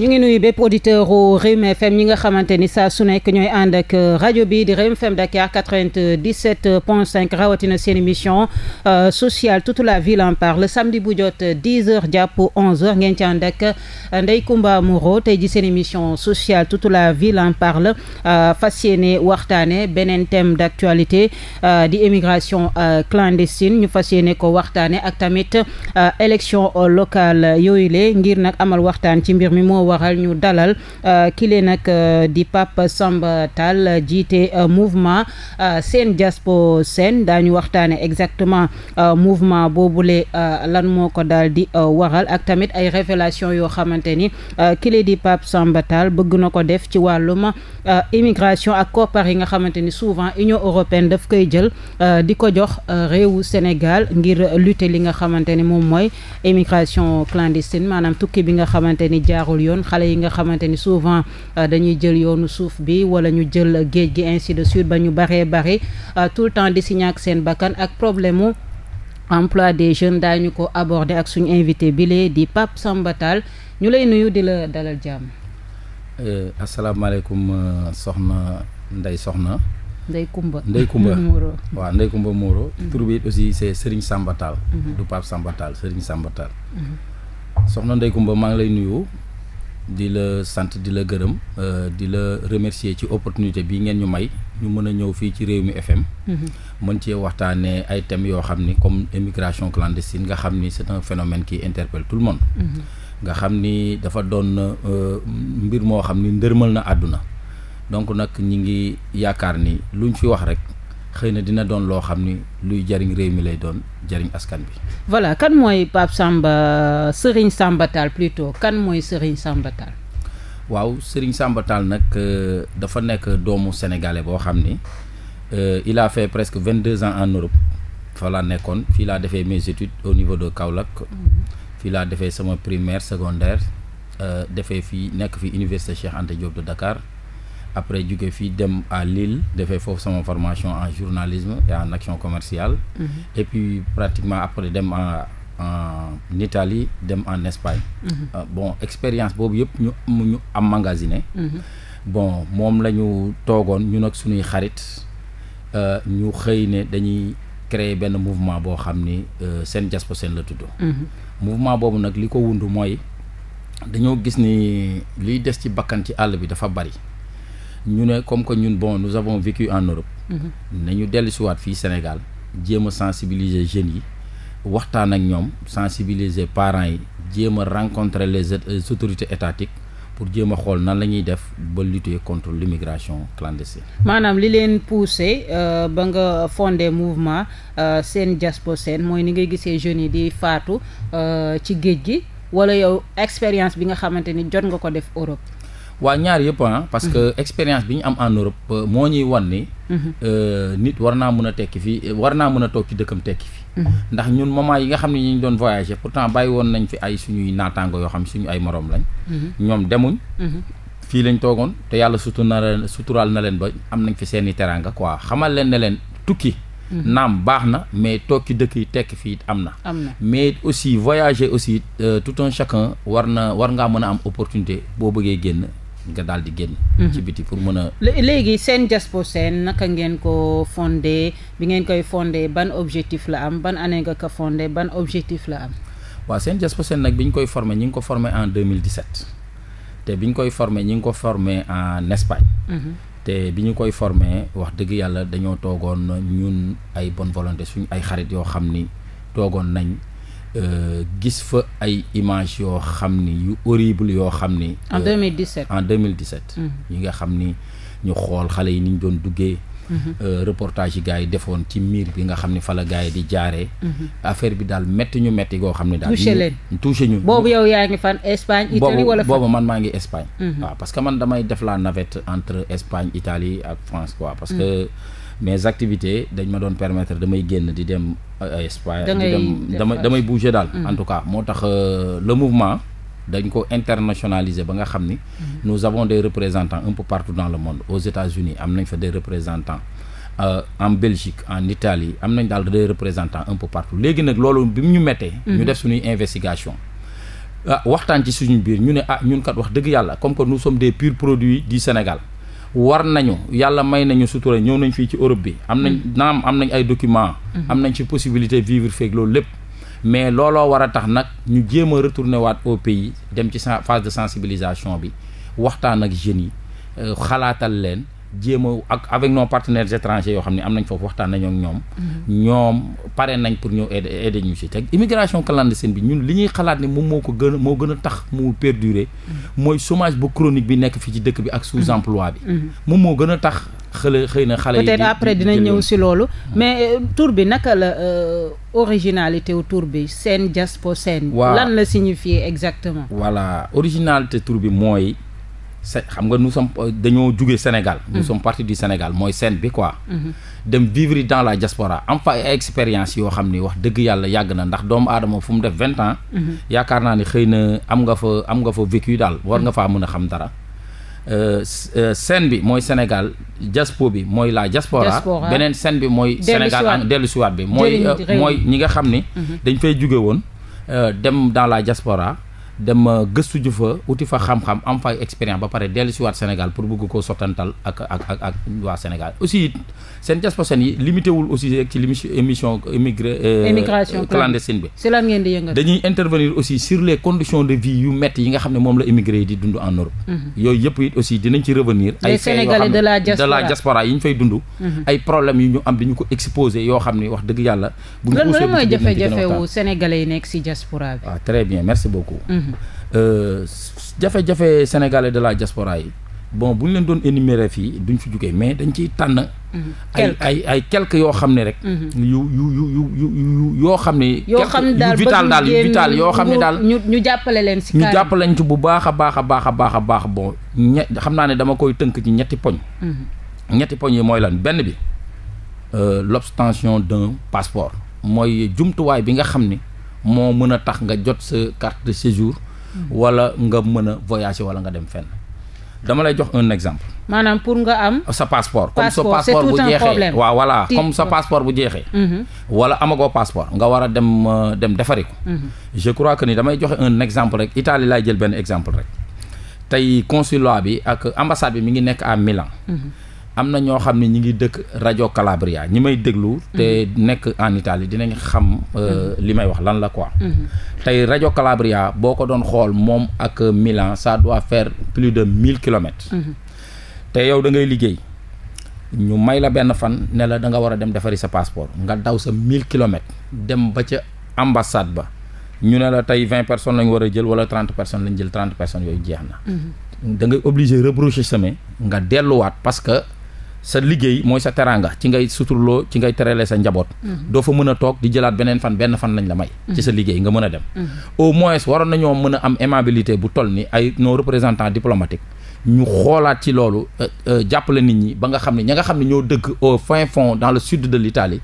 ñu ngi nuyu bépp auditeur u FM ñi nga xamante ni saa su nekk ñooy ànd ak euh, rajo bi di Rewmi FM Dakar quatre vingt dix point cinq rawatina seen émission euh, sociale toute la ville en parle samedi bu jot dix heures jàpp onze heures ngeen ci ànd ak euh, Ndeye Comba Moreau tey ji seen émission sociale toute la ville en parle fas yéene waxtaane beneen thème d'actualité di émigration clandestine ñu fas yéene ko waxtaane ak tamit élection locale yooyu le ngir nag amal waxtaan ci mbir mi moo moo waral ñu dalal euh, kile nag euh, di Pape Samba Tall jiite euh, mouvement Sen Diaspo Sen daañu waxtaane exactement mouvement boobule lan moo ko daal di waxal ak tamit ay révélation yoo xamante ni kile di Pape Samba bëgg na ko def ci wàllum immigration ak koppar yi nga xamante ni souvent Union européenne daf koy jël di ko jox réewu Sénégal ngir lutter li nga xamante moom mooy immigration clandestine maanaam tukki bi nga xamante ni yoon yoon xale yi nga xamante ni souvent euh, dañuy jël yoonu suuf bi wala ñu jël géej gi ainsi de suite ba ñu baree bari euh, tout le temps di si ñàkk seen bakkan ak problème mu emploi des jeunes daañu ko aborder ak suñu invité bile di Pape Samba ñu lay nuyu di la dalal jàmm. Euh, asalaamaaleykum soxna Ndeye Soxna. Ndey Kumba Ndey Kumba waaw Ndey Kumba Moreau mm-hmm. tur bi aussi c' est Serigne Samba mm-hmm. mm-hmm. soxna Ndey Kumba maa ngi lay nuyu. di la sant di la gërëm euh, di la remercier ci opportunité bi ngeen ñu may ñu mën a ñëw fii ci réew mi FM mhm. mën cee waxtaanee ay thèmes yoo xam ni comme immigration clandestine nga xam ni c'est un phénomène qui interpelle tout le monde mhm. nga xam ni dafa doon euh, mbir moo xam ni ndërmal na àdduna donc nag ñi ngi yaakaar ni lu luñ fi wax rek xëy na dina doon loo xam ni luy jariñ réew mi lay doon jariñ askan bi. voilà kan mooy Pape Samba Serigne Samba Tall plutôt kan mooy Serigne Samba Tall. waaw Serigne Samba Tall nag euh, dafa nekk doomu sénégalais boo xam ni euh, il a fait presque vingt deux ans en Europe fa laa nekkoon fii laa defee mes études au niveau de Kaolack. Mhm. fii laa defee sama primaire secondaire euh, defee fii nekk fi université Cheikh Anta Diop de Dakar. après jóge fii dem en Lille defee foofu sama formation en journalisme en action commerciale mm et puis pratiquement après dem en Italie dem en Espagne mhm. euh, bon expérience boobu yëpp ñu am magasiné mhm. bon moom la ñu toogoon ñun ak suñuy xarit euh, ñu xëy ne dañuy créer benn mouvement boo xam ni euh, seen jaspo seen la tudd mhm. mouvement boobu nag li ko wund mooy dañoo gis ni luy des ci bakkan ci àll bi dafa bari ñu ne comme que ñun bon nous avons vécu en Europe. Mhm. nañu dellu si waat fii Sénégal jéem a sensibiliser jeunes yi waxtaan ak ñoom sensibiliser parents yi jéem a rencontrer les autorités étatiques. pour jéem a xool nan la ñuy def ba lutter contre l'immigration clandestine. maanaam li leen poussé euh, ba nga fondé mouvement euh, seen Diaspo seen mooy ni ngay gisee jeunes yi di faatu euh, ci géej gi wala yow expérience bi nga xamante ni jot nga ko def Europe. waa ñaar yëpp ah parce que mhm. expérience bi ñu am en Europe moo ñuy wan ni. Mhm. Euh, nit war naa mën a tekki fii war naa mën a toog ci dëkkam tekki fii mhm. ndax ñun moment yi nga xam ne ñu doon voyager pourtant bàyyi woon nañ fi ay suñuy naataango yoo xam suñu ay moroom lañ. ñoom demuñ. fii lañ toogoon te yàlla suturaal suturaal na leen ba am nañ fi seeni teraanga quoi xamal leen ne leen tukki. naam baax na mais toog ci dëkk yi tekk fii am na. mais aussi voyager aussi euh, tout un chacun war na war ngaa mën a am opportunité boo bëggee génn. nga daal di génn. Mhm. ci biti pour mën léegi seen Diasposen naka ngeen ko fondé bi ngeen koy fondé ban objectif la am ban année nga ko fondé ban objectif la am. waa seen Diasposen nag bi ñu koy formé ñi ngi ko formé en 2017 te bi ñu koy formé ñi ngi ko formé en Espagne. Mhm. te bi ñu koy formé wax dëgg yàlla dañoo toogoon ñun ay bonne volonté suñu ay xarit yoo xam ni toogoon nañ. Euh, gis fa ay image yoo xam ni yu horrible yoo xam ni. en 2017 euh, en 2017. Mm-hmm. yi nga xam ni ñu xool xale yi ni ñu doon duggee. Mm-hmm. Euh, reportage yi gars yi defoon ci miir bi nga xam ni fa la gars yi di jaaree. Mm-hmm. affaire bi daal métti ñu métti goo xam ne daal. touché leen touché ñu. boobu yow yaa ngi fan Espagne Italie boobu man maa ngi Espagne. waaw parce que man damay def la navette entre Espagne Italie ak France quoi parce que. mais activité dañ ma doon permettre damay génn di dem Espagne euh, di damay damay bouger daal mm. en tout cas moo tax euh, le mouvement dañ ko internationaliser ba nga xam ni mm. nous avons des représentants un peu partout dans le monde aux États-Unis am nañ fa des représentants Euh, en Belgique en Italie am nañ daal des représentants un peu partout léegi nag loolu bi mu ñu mettee ñu mm. def suñuy investigation ah waxtaan ci suñu biir ñu ne ah ñun kat wax dëgg yàlla comme que nous sommes des purs produits du Sénégal war nañu yàlla may nañu sutura ñëw nañ fii ci Europe bi am nañ mm. naam am nañ ay documents. Mm-hmm. am nañ ci possibilité vivre feeg loolu lépp mais looloo war a tax nag ñu jéem a retourner waat au pays dem ci phase de sensibilisation bi waxtaan ak jeunes yi euh, xalaatal leen jéem ak avec nos partenaires étrangers yoo xam ne am nañ foofu waxtaan nañoo ak ñoom. ñoom pare nañ pour ñëw aider aider ñu si teg immigration bi ñun li ñuy xalaat ne moom moo ko gën moo gën a tax mu perdurer. mooy chômage bu chronique bi nekk fii ci dëkk bi ak sous emploi bi. moom moo gën a tax xale xëy na xale yi. peut-être après si loolu. mais euh, tur bi naka la euh, originalité wu tur bi Sen Diaspo Sen. waaw lan la signifier exactement. voilà originalité tour bi mooy. xam nga nous sommes euh, dañoo jugee Sénégal. nous mm-hmm. sommes partie du Sénégal mooy scène bi quoi. Mm-hmm. dem vivre dans la diaspora am fa expérience yoo xam ni wax dëgg yàlla yàgg na ndax doomu aadama fu mu def vingt ans. Mm-hmm. yaakaar naa ni xëy na am nga fa am nga fa vécu daal war nga faa mën a xam dara. Euh, euh, scène bi mooy Sénégal diaspora bi mooy la diaspora. beneen scène bi mooy. Sénégal dellusiwaat bi mooy mooy ñi nga xam ni. dañ fay jugee woon dem dans la diaspora. dem gëstu fa uti fa xam-xam am fay expérience ba pare dellu si waat Sénégal pour bëgg koo sottantal ak ak ak ak waa Sénégal aussi seen diaspora yi limité wul euh, bi. dañuy intervenir aussi sur les conditions de vie yu métti yi nga xam ne moom la émigré yi di dund en Europe. Mhm. yooyu yëpp it aussi dinañ ci revenir. ay Sénégalais de la diaspora de la diaspora yi ñu fay dund. Mhm. ay problèmes yu ñu am di ko exposé yoo xam ne wax dëgg yàlla. bu ñu mooy jafe-jafe wu yi nekk si diaspora bi. Ah, Euh, jafe-jafe sénégalais de la diaspora yi bon bu ñu leen doon énumérer fii duñ fi jugee mais dañ ciy tànn. ay mm-hmm. ay ay quelques yoo xam ne rek. Mm-hmm. yu yu yu yu yoo xam ne. yoo xam ne daal vital daal vital yoo xam ne daal. ñu ñu jàppale leen si ñu jàppale leen bu baax a baax a baax a baax a baax bon ñe xam naa ne dama koy tënk ci ñetti poñ. Mm-hmm. ñetti poñ yi mooy lan benn bi euh, l'obtention de passeport. mooy jumtuwaay bi nga xam ni moo mën a tax nga jot sa carte de séjour wala nga mën a voyager wala nga dem fenn dama lay jox un exemple maanaam pour nga am sa passeport comme sa passeport bu jeexee waaw voilà comme sa passeport bu jeexee mhm. wala amago passeport nga war a dem euh, dem defari ko mhm. je crois que ni damay joxe un exemple rek Italie laay jël benn exemple rek tey consulat bi ak ambassade bi mi ngi nekk à Milan mhm. am na ñoo xam ne ñi ngi dëkk rajo Calabria ñi may déglu. te mhm. nekk en Italie dinañ xam euh, mhm. li may wax lan la quoi. Mhm. tey rajo Calabria boo ko doon xool moom ak Milan ça doit faire plus de mille kilomètres. te yow da ngay liggéey ñu may la benn fan ne la danga war a dem defari sa passeport nga daw sa mille kilomètres dem ba ca ambassade ba ñu ne la tey vingt personnes lañ war a jël wala trente personnes lañ jël trente personnes yooyu jeex na. da ngay nga delluwaat parce que. sa liggéey mooy sa teranga ci ngay suturloo ci ngay terale sa njaboot mhm. doo fa mën a toog di jëlaat beneen fan benn fan lañ la may ci sa mhm. liggéey nga mën a dem mhm. au moins waroon nañoo mën a am aimabilité bu toll ni ay nos représentants diplomatiques ñu xoolaat ci loolu euh, euh, jàppale nit ñi ba nga xam ne ña nga xam ne ñoo dëkk au fon fond dans le sud de l'Italie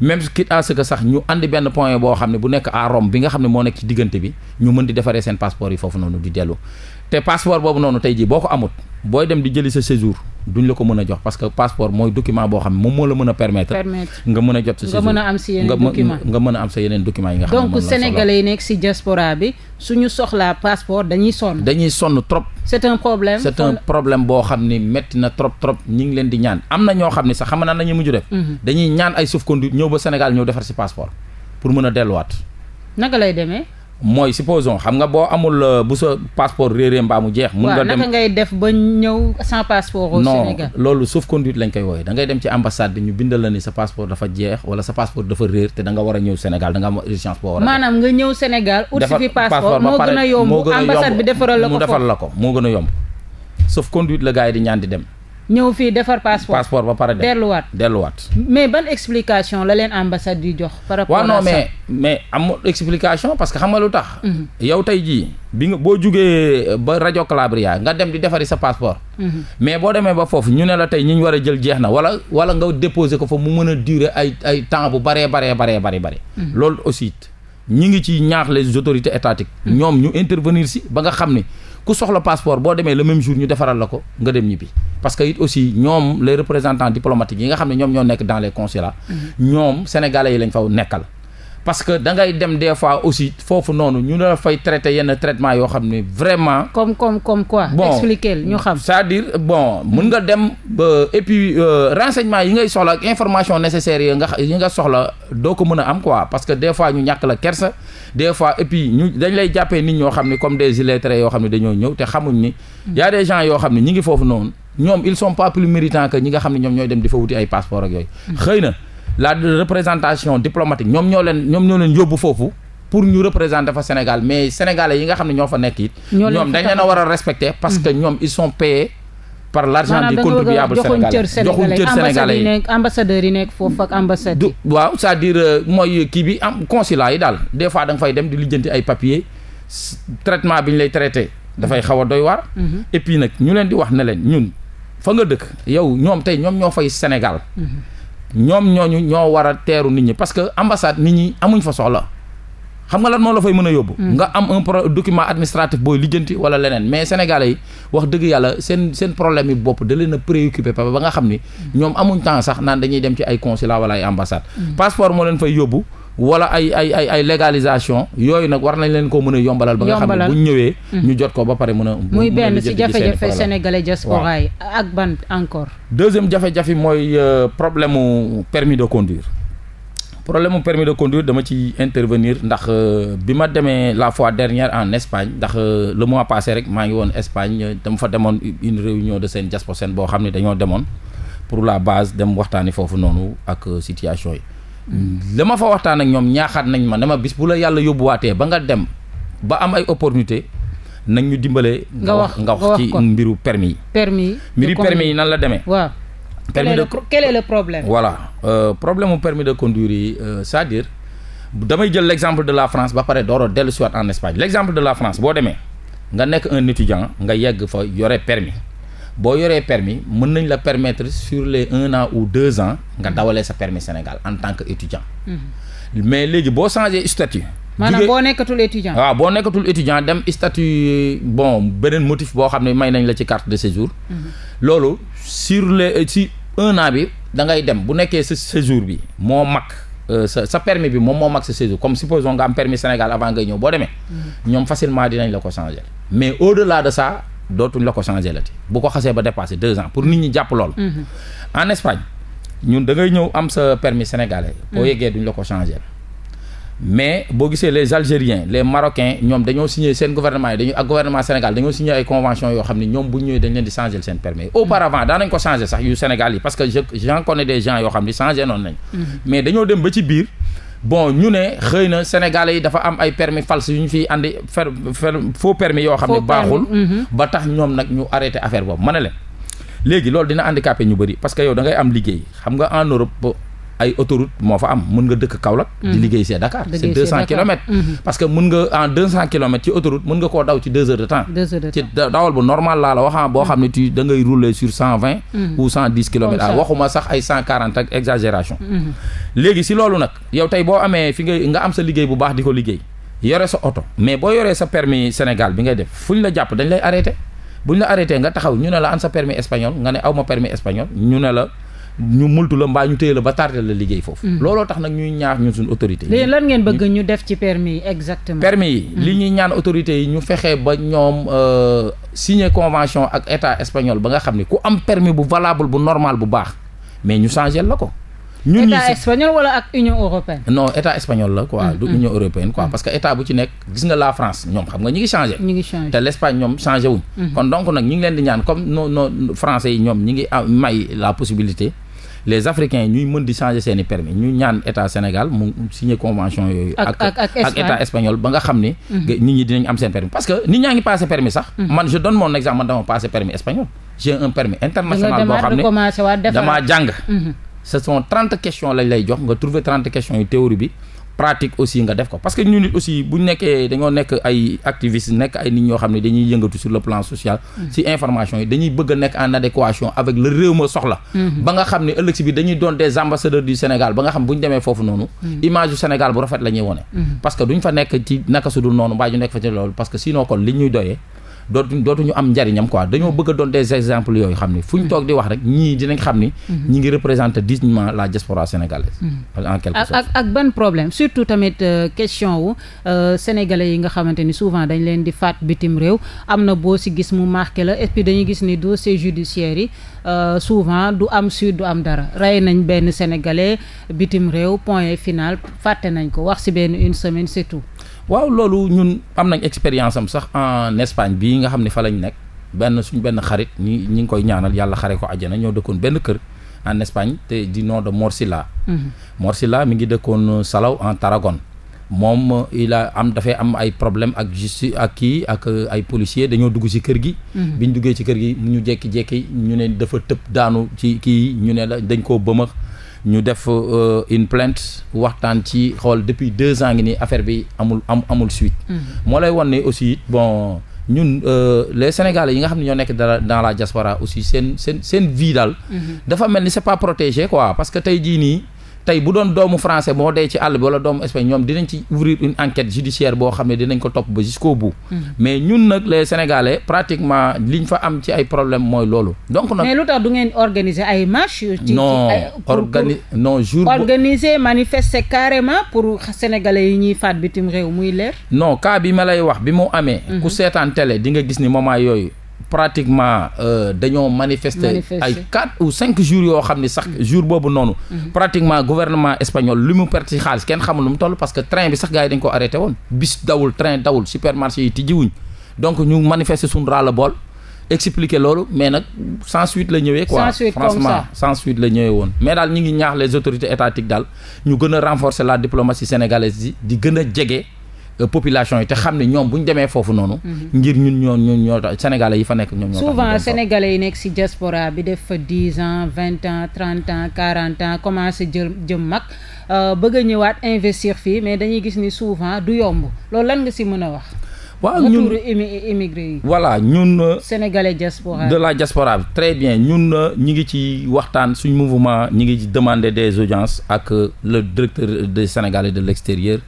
même quitte à ce sax ñu andi benn point boo xam ne bu nekk à Rome bi nga xam ne moo nekk ci diggante bi ñu mën di seen passeport yi foofu noonu di dellu te passeport boobu noonu tey jii boo ko amut booy dem di jëli sa séjour duñ la ko mën a jox parce que passeport mooy document boo xam ne moom moo la mën a permettre. nga mën a jot sa séjour nga mën a am si yeneen document nga mën a am sa yeneen document yi nga. xam ne donc sénégalais yi passeport dañuy sonn. dañuy sonn trop. c'est un problème problème boo xam ni métti na trop trop ñi ngi leen di ñaan am na ñoo xam ne sax xam naa nañu mujj def. Mhm. dañuy ñaan ay sauf-conduit ñëw ba Sénégal ñëw defar si passeport pour mën a delluwaat. naka lay demee. mooy supposons xam nga boo amul euh, bu sa passeport réeré mbaa mu jeex. mun nga dem naka ngay def ba ñëw sans passeport. au loolu sauf-conduit lañ koy wooye da ngay dem ci ambassade bi ñu bind la ni sa passeport dafa jeex wala sa passeport dafa réer te da war a ñëw Sénégal danga nga am urgence boo war maanaam nga ñëw Sénégal. ut si fi passeport moo gën a yomb ambassade bi defaral la ko mu defal la ko moo gën a yomb sauf-conduit la gars yi di ñaan di dem. ñëw fii defar passeport ba pare delluwaat delluwaat. mais ban explication la leen ambassade di jox. par rapport à mais mais amul explication parce que xam nga lu tax. Mhm. yow tey jii bi nga boo jugee euh, ba rajo Calabria nga dem di defari sa passeport. Mhm. mais boo demee ba foofu ñu ne la tey ñi ñu war a jël jeex na wala wala nga déposer ko fa mu mën a durer ay ay temps bu baree baree baree baree baree. Mhm. loolu aussi ñi ngi ci ñaax les autorités étatiques. ñoom ñu intervenir si ba nga xam ne ku soxla passeport boo demee la même jour ñu defaral la ko nga dem ñibbi. parce que it aussi ñoom les représentants diplomatiques yi nga xam ne ñoom ñoo nekk dans les consulats mm-hmm. ñoom sénégalais yi lañ fa nekkal parce que da ngay dem des fois aussi foofu noonu ñu la fay traité yenn traitement yoo xam ne vraiment. comme comme quoi. bon expliquer ñu xam. cest à bon mën nga dem ba et puis euh, renseignement yi ngay soxla ak information nécessaire yi nga yi nga soxla doo ko mën a am quoi parce que des fois ñu ñàkk la kersa des fois et puis ñu dañ lay jàppee nit ñoo xam ne comme des illettrés yoo xam ne dañoo ñëw te xamuñ ni. Mm-hmm. y a des yoo xam ne ñi ngi foofu noonu. ñoom ils sont pas plus méritants que ñi nga xam ne ñoom ñooy dem di fa wuti ay passeport ak yooyu. Hmm. xëy na la représentation diplomatique ñoom ñoo leen ñoom ñoo leen yóbbu foofu. pour ñu représenter fa Sénégal mais sénégalais yi nga xam ne ñoo fa nekk it. ñoom dañ leen a war a que hmm. ñoom ils sont payés par l'argent du contribuable sénégalais joxuñ cër sénégalais yi euh, am consulat yi daal des fois da nga fay dem di lijjanti ay papiers traitement bi ñu lay traité dafay xaw a doy waar. Hmm. et nag ñu leen di wax ne leen ñun. fa nga dëkk yow ñoom tey ñoom ñoo fay Sénégal ñoom ñooñu ñoo war teeru nit ñi parce que ambassade nit ñi amuñ fa soxla xam nga lan moo la fay mën a yóbbu mm. nga am un pro document administratif booy lijjanti wala leneen mais sénégal yi wax dëgg yàlla seen seen problème yi bopp da na a préoccupé papa ba nga xam ni mm. ñoom amuñ temps sax naan dañuy dem ci ay consulat wala ay ambassade mm. passeport moo leen fay yóbbu wala ay ay ay ay légalisation yooyu nag war nañ leen ko mën a yombalal ba nga xam ne bu ñëwee mm-hmm. ñu jot ko ba pare mën a muy benn ci jafe-jafe sénégalais diaspora yi ak ban encore deuxième jafe-jafe mooy euh, problème mu permis de conduire problème mu permis de conduire dama ci intervenir ndax euh, bi ma demee la fois dernière en Espagne ndax euh, le mois passé rek maa ngi woon Espagne dama fa demoon une réunion de seen diaspora seen boo xam ne dañoo demoon pour la base dem waxtaani foofu noonu ak situation yi la ma fa waxtaan ak ñoom ñaaxaat nañ ma ma bis bu la yàlla yóbbuwaatee ba nga dem ba am ay opportunité nañ ñu dimbale. nga wax nga wax ci mbiru permis yi. permis yi mbiru permis yi nan la demee. waaw permis de quel est le problème. voilà euh, problème mu permis de conduire yi euh, c'est-à-dire damay jël l'exemple de la France ba pare dooro dellu siwaat en Espagne l'exemple de la France boo demee nga nekk un étudiant nga yegg fa yore permis boo yoree permis mën nañ la permettre sur les un an ou deux ans nga dawalee sa permis Sénégal en tant que étudiant. Mhm. mais léegi boo changé statut. maanaam boo nekkatul étudiant. waaw boo nekkatul étudiant dem statut bon beneen motif boo xam ne may nañ la ci carte de séjour. Mhm. loolu sur les euh, si un an bi da ngay dem bu nekkee sa séjour bi moo mag. Euh, sa sa permis bi moom moo mag sa séjour comme supposons nga am permis Sénégal avant ngay ñëw boo demee mhm. ñoom facilement dinañ la ko changer mais au dootuñ la ko changé la ti bu ko xasee ba dépassé deux ans pour nit ñi jàpp lool. Mm-hmm. en Espagne ñun da ñëw am sa permis sénégalais. boo mm-hmm. yeggee duñ la ko changé. mais boo gisee les algériens les marocains ñoom dañoo signé seen gouvernement yi dañu ak gouvernement dañoo signé ay convention yoo xam ne ñoom bu ñëwee dañ leen di changer seen permis auparavant mm-hmm. daan nañ ko changer sax yu Sénégal yi parce que je j'en connais des yoo xam ne changé noonu nañ mais bon ñu ne xëy na sénégalais yi dafa am ay permis false yu ñu fiy andi fer fer faux permis yoo xam ne baaxul mhm. ba tax ñoom nag ñu arrêté affaire boobu ma ne leen léegi loolu dina handicapé ñu bëri parce que yow da ngay am liggéey xam nga en Europe ay autoroute moo fa am mën nga dëkk Kaolack di mm-hmm. liggéey see Dakar c'est deux cent kilomètres mm-hmm. parce que mën nga en deux cent kilomètres ci autoroute mën nga koo daw ci deux heures de temps ci dawal bu normal laa la ah, boo mm-hmm. xam ne tu da ngay sur cent vingt ou cent dix kilomètres ah, a waxuma sax ay cent quarante exagération léegi si loolu nag yow tey boo amee fi nga nga am sa liggéey bu baax di ko liggéey yore sa oto mais boo yoree sa permis Sénégal bi ngay def fuñ la jàpp dañ lay arrêté buñ la arrêté nga taxaw ñu ne la an sa permis espagnol nga ne ma permis espagnol ñu la ñu multu la mbaa ñu téye la ba tardé la liggéey foofu. Mm. looloo tax nag ñuy ñaax ñun suñu autorité yi. ngeen bëgg ñu def ci permis yi exactement. permis yi mm. li ñuy ñaan autorité yi ñu fexee ba ñoom euh, signer convention ak état espagnol ba nga xam ne ku am permis bu valable bu normal bu baax mais ñu changé la ko. ñun ñii état espagnol ak union européenne. non mm, parce que état bu ci nekk gis nga la France ñoom xam nga ñu ngi changé. ñi ngi changé te l' Espagne ñoom changé wuñ. kon donc nag ñi leen di ñaan comme non non yi ñoom ñu ngi may la possibilité. les africains ñuy mën di changer seen i permis ñu ñaan état Sénégal mu signé convention yooyu ak ak état espagnol ba nga xam ne mhm. nit ñi dinañ am seen permis parce que ni ñaa ngi passé permis sax mhm. man je donne mon exemple man dama damaa jàng mhm. ce sont trente questions lañ lay jox nga trouver trente questions yu théorie bi pratique aussi nga def ko parce que ñun nit aussi bu nekkee dañoo nekk ay activistes nekk ay nit ñoo xam ne dañuy yëngatu sur le plan social ci mm. information yi dañuy bëgg a nekk en adéquation avec le réew ma soxla mm-hmm. ba nga xam ne ëllëg si bi dañuy doon des ambassadeurs ba nga xam bu ñu demee foofu noonu mm. image du Sénégal bu rafet la wone mm-hmm. parce que duñ fa nekk ci naka sudul noonu mbaa ñu nekk fa ci loolu parce que sinon kon li ñuy doyee dootuñ dootuñu am njariñam quoi dañoo bëgg doon des exemples yooyu xam ni fu ñu mm. toog di wax rek ñii dinañ xam ni. Mm-hmm. ñi ngi représenter dignement la diaspora sénégalaise. Mm. en quelque sorte ak ak ban problème surtout tamit euh, question wu euh, sénégalais yi nga xamante ni souvent dañ leen di faat bitim réew am na boo si gis mu marqué la et puis dañuy gis ni dossier judiciaire yi euh, souvent du am suite du am dara rey nañ benn sénégalais bitim réew point final fàtte nañ ko wax si benn une semaine c'est waaw loolu ñun am nañ expérience am sax en Espagne bi nga xam ne fa lañ nekk benn suñ benn xarit ñi ñu ngi koy ñaanal yàlla xare ko àjjana ñoo dëkkoon benn kër en Espagne te di nom de Morcilla Morcilla mhm. mi ngi dëkkoon Salaw en Tarragone moom il am dafay am ay problème ak justice ak kii ak euh, ay policier dañoo dugg ci kër gi mhm. bi ñu duggee ci kër gi ñu jekki-jekki ñu ne dafa tëb daanu ci kii ñu ne la dañ koo bëmax ñu def euh, une plainte waxtaan ci xool depuis deux ans ngi nii affaire bi amul am amul suite. Mhm. moo lay wan ne aussi bon ñun euh, les sénégalais yi nga xam ne ñoo nekk dans la diaspora aussi seen seen seen vie daal. Mhm. dafa mel ni c'est pas protégé quoi parce que tey jii nii. tey bu doon doomu français moo dee ci àll bi wala doomu Espagne ñoom dinañ ci ouvrir une enquête judiciaire boo xam ne dinañ ko topp ba jusqu'au bout. Mm-hmm. mais ñun nag les sénégalais pratiquement liñ fa am ci ay problème mooy loolu. donc nag mais lu tax du ngeen organiser ay marches. ci non organi non jour. organiser manifester carrément pour sénégalais yi ñuy faat bitim réew muy leer. non cas bi ma lay wax bi mu amee. Mm-hmm. ku seetaan télé di nga gis ni moment yooyu. pratiquement euh, dañoo manifester ay quatre ou cinq jours yoo xam ni sax mm-hmm. jour boobu noonu mm-hmm. pratiquement gouvernement espagnol li mu perte ci xaalis kenn xamul lu mu toll parce que train bi sax gars yi dañ ko arrêté woon bis dawul train dawul supermarché yi tijjiwuñ donc ñu manifester suñu ras le bol expliquer loolu mais nag sans suite la ñëwee quoi franchement sans suite la ñëwee woon mais daal ñu ngi ñaax les autorités étatiques daal ñu gën a renforcer la diplomatie sénégalaise yi gën a jege Euh, population yi te xam ne ñoom bu ñu demee foofu noonu. Mhm. ngir ñun ñoo ñun ñoo tax sénégalais yi fa nekk ñoom ñoo souvent sénégalais yi nekk si diaspora bi def fa dix ans vingt ans trente ans quarante ans commencé jël jëm mag euh, bëgg a ñëwaat investir fii mais dañuy gis ni souvent du yomb loolu lan nga si mën a wax. waaw ñun retour immigré yi. voilà ñun. Euh, sénégalais diaspora de la diaspora très bien ñun ñu ngi ci waxtaan suñu mouvement ñu ngi ci demander des audiences ak le directeur de sénégalais de l'extérieur.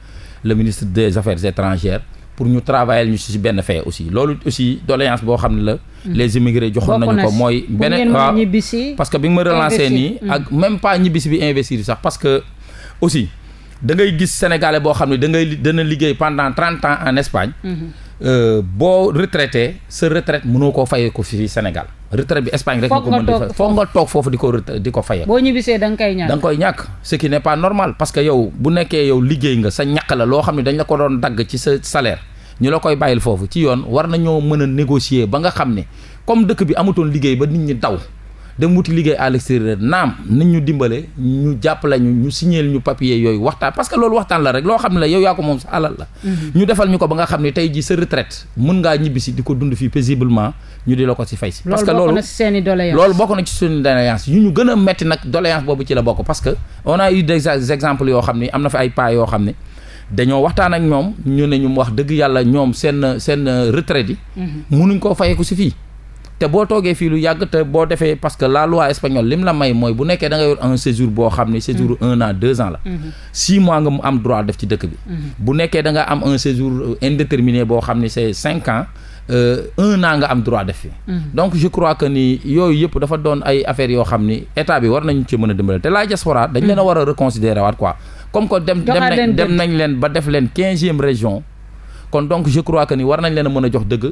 le ministre des affaires étrangères pour ñu travailler ñu ci benn fee aussi loolu aussi doléance boo xam ne la. Mm. les immigrés joxoon nañu ko mooy. beneen waaw parce que bi nga ma relancé nii. ak mm. même pas ñibbisi bi investir sax parce que aussi da ngay gis sénégalais boo xam ne da ngay dana liggéey pendant trente ans en Espagne. Mm-hmm. Euh, boo retraité sa retraite mënoo koo fayee ko fii Sénégal. retraite bi Espagne rek. foog nga toog foofu foog foofu di ko di ko fayal. boo ñibbisee da nga koy ñàkk da nga koy ñàkk. ce qui n'est pas normal parce que yow bu nekkee yow liggéey nga sa ñàkk la loo xam ne dañ la ko doon dagg ci sa salaire ñu la koy bàyyil foofu ci yoon war nañoo mën a négocier ba nga xam ne comme dëkk bi amutoon liggéey ba nit ñi daw dem wuti liggéey à l'extérieur naam nañ ñu dimbale ñu jàppale ñu ñu signéel ñu papier yooyu waxtaan parce loolu waxtaan la rek loo xam ne la yow yaa ko moom sa alal la mhm. ñu defal ñu ko ba nga xam ne tey ji sa retraite mën ngaa ñibbisi di ko dund fii paisiblement ñu di la ko si fay si parce que loolu loolu bokk na ci seen doléance yu ñu gën a metti nag doléance boobu ci la que on a eu des yoo xam ne am na fi ay pas yoo xam ne dañoo waxtaan ak ñoom ñu ne ñu mu wax dëgg yàlla ñoom seen seen retraite yi mënuñ mhm. koo fayeku si fii te boo toogee fii lu yàgg te boo defee parce que la loi espagnole lim la may mooy bu nekkee da nga un séjour boo xam ne séjour mm. un an deux ans la mm-hmm. six mois nga am droit def ci dëkk bi mm-hmm. bu nekkee da nga am un séjour euh, indéterminé boo xam ne c'est cinq ans Euh, un an nga am droit def fi mm-hmm. donc je crois que ni yooyu yëpp dafa doon ay affaires yoo xam ni état bi war nañu ci mën a dimbale te laa diaspora dañ leen war a reconsidérer waat quoi comme que dem dem nañ leen ba def leen quinzième région kon donc je crois que ni war nañ leen mën a jox dëgg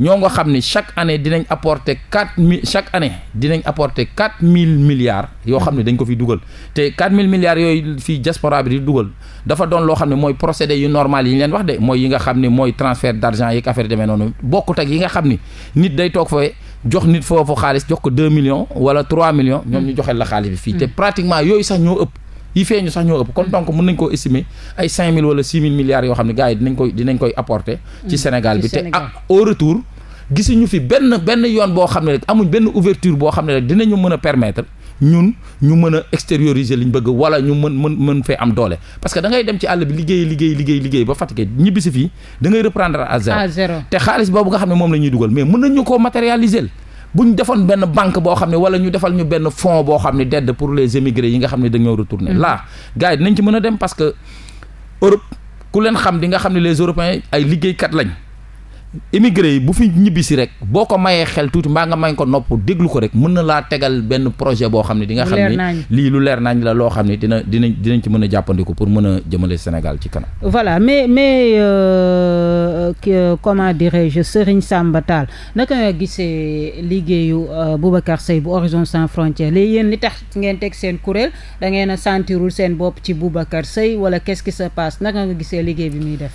ñoo nga xam ni chaque année dinañ apporter quatre mille chaque année dinañ apporter quatre mille milliards yoo xam ne dañ ko fi dugal te quatre mille milliards yooyu fii diaspora di dugal dafa doon loo xam ne mooy procédé yu normal yi ñu leen wax de mooy yi nga xam ne mooy transfert d' argent yeeg affaire demee noonu bokkut ak yi nga xam ni nit day toog fa jox nit foofu xaalis jox ko deux millions wala trois millions ñoom ñu joxe la xaalis bi fii te hmm. pratiquement yooyu sax ñoo ëpp yi feeñu sax ñoo ëpp kon donc mën nañ koo estimer ay cinq mille wala six mille milliards yoo xam ne gars yi dinañ koy dinañ koy apporter ci mm. Sénégal bi te au retour gisuñu fi benn benn yoon boo xam ne rek amuñ benn ouverture boo xam ne rek dinañu mën a permettre ñun ñu mën a extérioriser liñ bëgg wala ñu mën mën mën fee am doole parce que da ngay dem ci àll bi liggéey liggéey liggéey liggéey ba fatigué ñibbi si fii da ngay reprendre à zéro te xaalis boobu nga xam ne moom la ñuy dugal mais mën nañu koo matérialiser bu ñu defoon benn banque boo xam ne wala ñu defal ñu benn fonds boo xam ne dedd pour les émigrés yi nga xam ne dañoo retourner mm-hmm. là gars yi dinañ ci mën a dem parce que Europe ku leen xam di nga xam ne les Européens ay liggéeykat lañ émigré yi bu fi ñibbisi rek boo ko mayee xel tuuti mbaa nga may ko nopp déglu ko rek mën na laa tegal benn projet boo xam ne di nga xam ne lii lu leer nañ la loo xam ne dina dina dinañ ci mën a jàppandiku pour mën a jëmale Sénégal ci kanam voilà mais mais euh, que, comment dirais-je Serigne Samba Tall naka nga gisee liggéeyu euh, Boubacar Seye bu Horizon Sans Frontières léegi yéen li tax ngeen teg seen kuréel da ngeen a sentirul seen bopp ci Boubacar Seye wala qu'est-ce qui se passe naka nga gisee liggéey bi muy def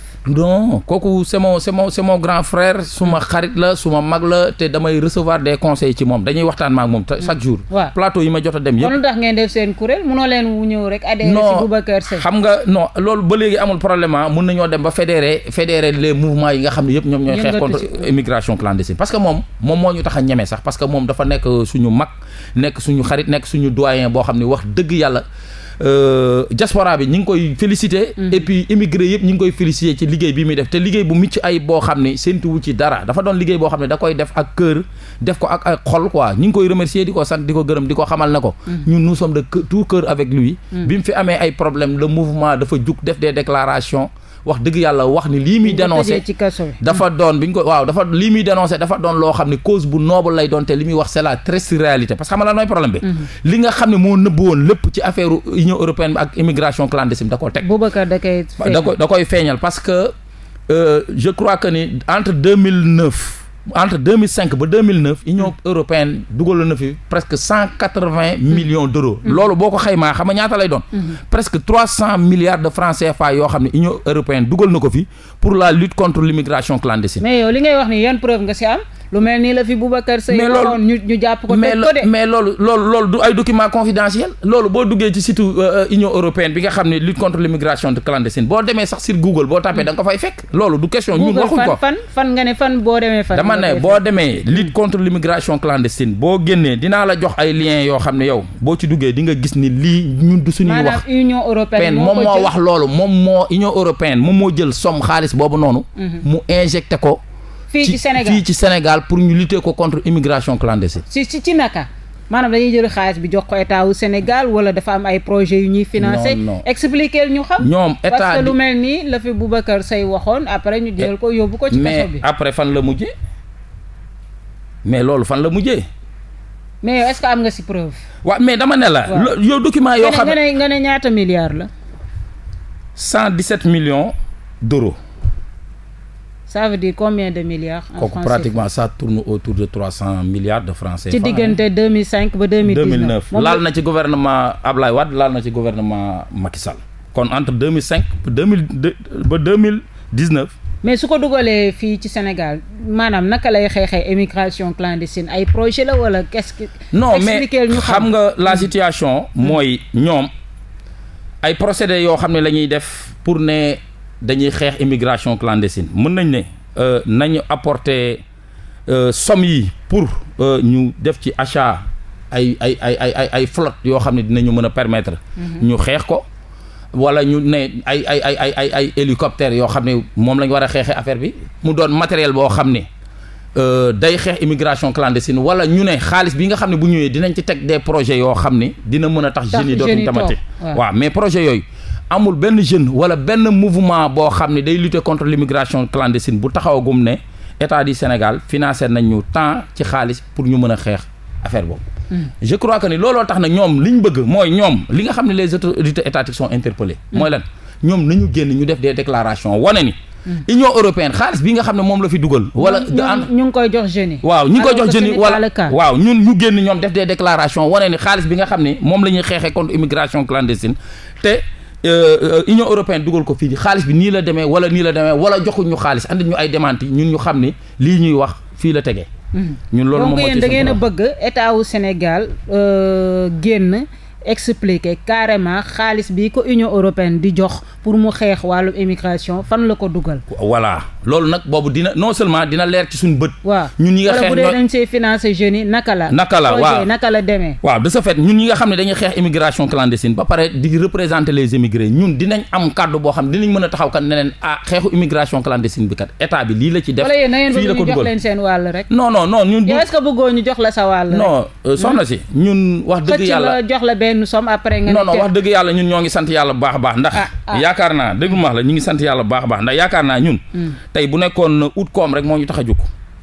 frère ma xarit la suma mag la te damay recevoir des conseil ci moom dañuy waxtaan maak moom mm. chaque jour. waaw plateau yi ma jot a dem yëpp. kon tax ngeen def seen kuréel munoo leen wu ñëw rek. adhéré ci xam nga non loolu ba léegi amul problèment ah. mun nañoo dem ba fédérer fédérer le mouvements yi nga xam ne yëpp ñoom ñooy. xeex contre immigration clandestine. parce que moom moom moo ñu tax a ñeme sax parce que moom dafa nekk suñu mag nekk suñu xarit nekk suñu doyen boo xam ne wax dëgg yàlla Euh, diaspora bi ñi ngi koy féliciter. Mm-hmm. et puis immigré yëpp ñi ngi koy féliciter ci liggéey bi muy def te liggéey bu mucc ay boo xam ne séntuwu ci dara dafa doon liggéey boo xam ne da koy def ak cœur def ko ak ay xol quoi ñi ngi koy remercier di ko sant di ko gërëm di ko xamal ne ko. Mm-hmm. ñun nous sommes de tout cœur avec lui. Mm-hmm. bi mu fi amee ay problème le mouvement dafa jug def des déclaration wax dëgg yàlla wax ni lii muy dénoncé dafa doon bi ñu ko waaw dafa lii muy dénoncé dafa doon loo xam ne cause bu noble lay doon te li muy wax c'est la triste réalité parce que xam nga problème bi mhm. li nga xam ne moo nëbb woon lépp ci affaire Union européenne ak immigration clandestine da koo teg Boubacar da koy da koy feeñal parce que euh, je crois que ni entre mille 2009 entre deux mille cinq ba deux mille neuf union européenne dugal na fi presque cent quatre vingt mm-hmm. millions d' euros. Mm-hmm. loolu boo ko xaymaa xam nga ñaata lay doon. Mm-hmm. presque trois cent milliards de francs CFA yoo xam ne union européenne dugal na ko fi pour la lutte contre l' immigration clandestine. mais yow li ngay wax ni yan preuve nga si am. lu mel nii la fi Boubacar Seye waxoon ñu ñu jàpp ko teg ko de mais loolu loolu loolu du ay document confidentiel loolu boo duggee ci site euh, euh, Union européenne bi nga xam ne lutte contre l'immigration clandestine boo demee sax sur Google boo tapé da nga ko fay du ko fan fan nga ne fan boo demee fan dama ne demee lutte contre l'immigration clandestine boo génnee dinaa la jox ay lien yoo xam ne yow boo ci duggee di nga gis ni lii ñu du suñuy wax Union européenne moom moo wax loolu moom moo Union européenne moom moo jël somme xaalis boobu noonu mhm. mu injecté ko fii ci Sénégal fii ci Sénégal pour ñu lutter ko contre immigration clandestine. si si ci naka. maanaam dañuy jël xaalis bi jox ko état wu Sénégal wala dafa am ay projet yu ñuy financé. non non expliquer ñu xam. ñoom état parce lu mel nii la fi Boubacar say waxoon après ñu jël ko eh, yóbbu ko ci kaso bi après fan la mujjee mais loolu fan la mujjee. mais yow est-ce que am nga ci preuve. waaw mais dama ne la. yow document yoo. xam ne nga ne ñaata milliards la. cent dix-sept millions d'euros. ça veut dire combien de milliards. kooku pratiquement ça tourne autour de trois cent milliards de ci diggante ba laal na ci gouvernement Ablaye Wade laal na ci gouvernement Macky Sall. kon entre cinq ba deux ba deux mille dix neuf. mais su ko dugalee fii ci Sénégal maanaam naka lay xeexee émigration clandestine ay projet la wala qu'est-ce que. non mais xam nga la situation. mooy ñoom ay procédés yoo xam ne la ñuy def pour ne. dañuy xeex immigration clandestine mën nañ ne euh, nañu apporter euh, somme yi pour euh, ñu def ci achat ay ay ay ay ay flotte yoo xam ne dinañu mën a permettre. Mhm. ñu xeex ko. wala ñu ne ay ay ay ay ay ay hélicoptère yoo xam ne moom la war a xeexee affaire bi mu doon matériel boo xam ne day xeex immigration clandestine wala ñu ne xaalis bi nga xam ne bu ñëwee dinañ ci teg des projets yoo xam ne dina mën a tax jeunes yi dootuñu tamati waaw mais projet yooyu amul benn jeune wala benn mouvement boo xam ne day lutter contre l'immigration clandestine bu taxawagum ne état du Sénégal financé nañ ñu temps ci xaalis pour ñu mën a xeex affaire boobu. Hmm. je crois que ni looloo tax na ñoom li ñu bëgg mooy ñoom li nga xam ne les autorités étatiques sont interpellées. Hmm. mooy lan ñoom nañu génn ñu def dee déclarations wane ni. Hmm. Union européenne xaalis bi nga xam ne moom la fi dugal. wala ñu ngi koy jox jeunes waaw ñu ngi koy jox jeunes yi wala waaw ñun ñu génn ñoom def des déclarations wane ni xaalis bi nga xam ne moom la ñuy xeexee contre immigration clandestine te. Euh, euh, Union européenne dugal ko fi xaalis bi nii la demee wala nii la demee wala joxuñu xaalis andi ñu ay demande yi ñun ñu xam ne lii ñuy wax fii la tegee. Mhm. ñun loolu moom moo ci da ngeen a bëgg état wu euh, génn. expliquer carrément xaalis bi ko Union européenne di jox pour mu xeex wàllu immigration fan la ko dugal. voilà loolu nag boobu dina non seulement dina leer ci suñu bët. waaw ñun ñi nga xeex bu dee dañ see la. naka la la demee. waaw de ce fait nga xam ne dañuy xeex immigration clandestine ba pare di représenter les immigrés ñun dinañ am kàddu boo xam dinañ mën a taxaw kat ne leen ah xeexu immigration clandestine bi kat état bi lii la ci def. fii la na ngeen bëgg ñu jox leen seen wàll rek. non non ñun. yow est-ce que jox mais nous sommes après. nga non non wax dëgg yàlla ñun ñoo ngi sant yàlla bu baax a baax. ndax ah, ah. yaakaar naa déglu ma la ñu ngi sant yàlla bu baax a baax ndax yaakaar naa ñun. Hmm. tey bu nekkoon ut koom rek moo ñu tax a jóg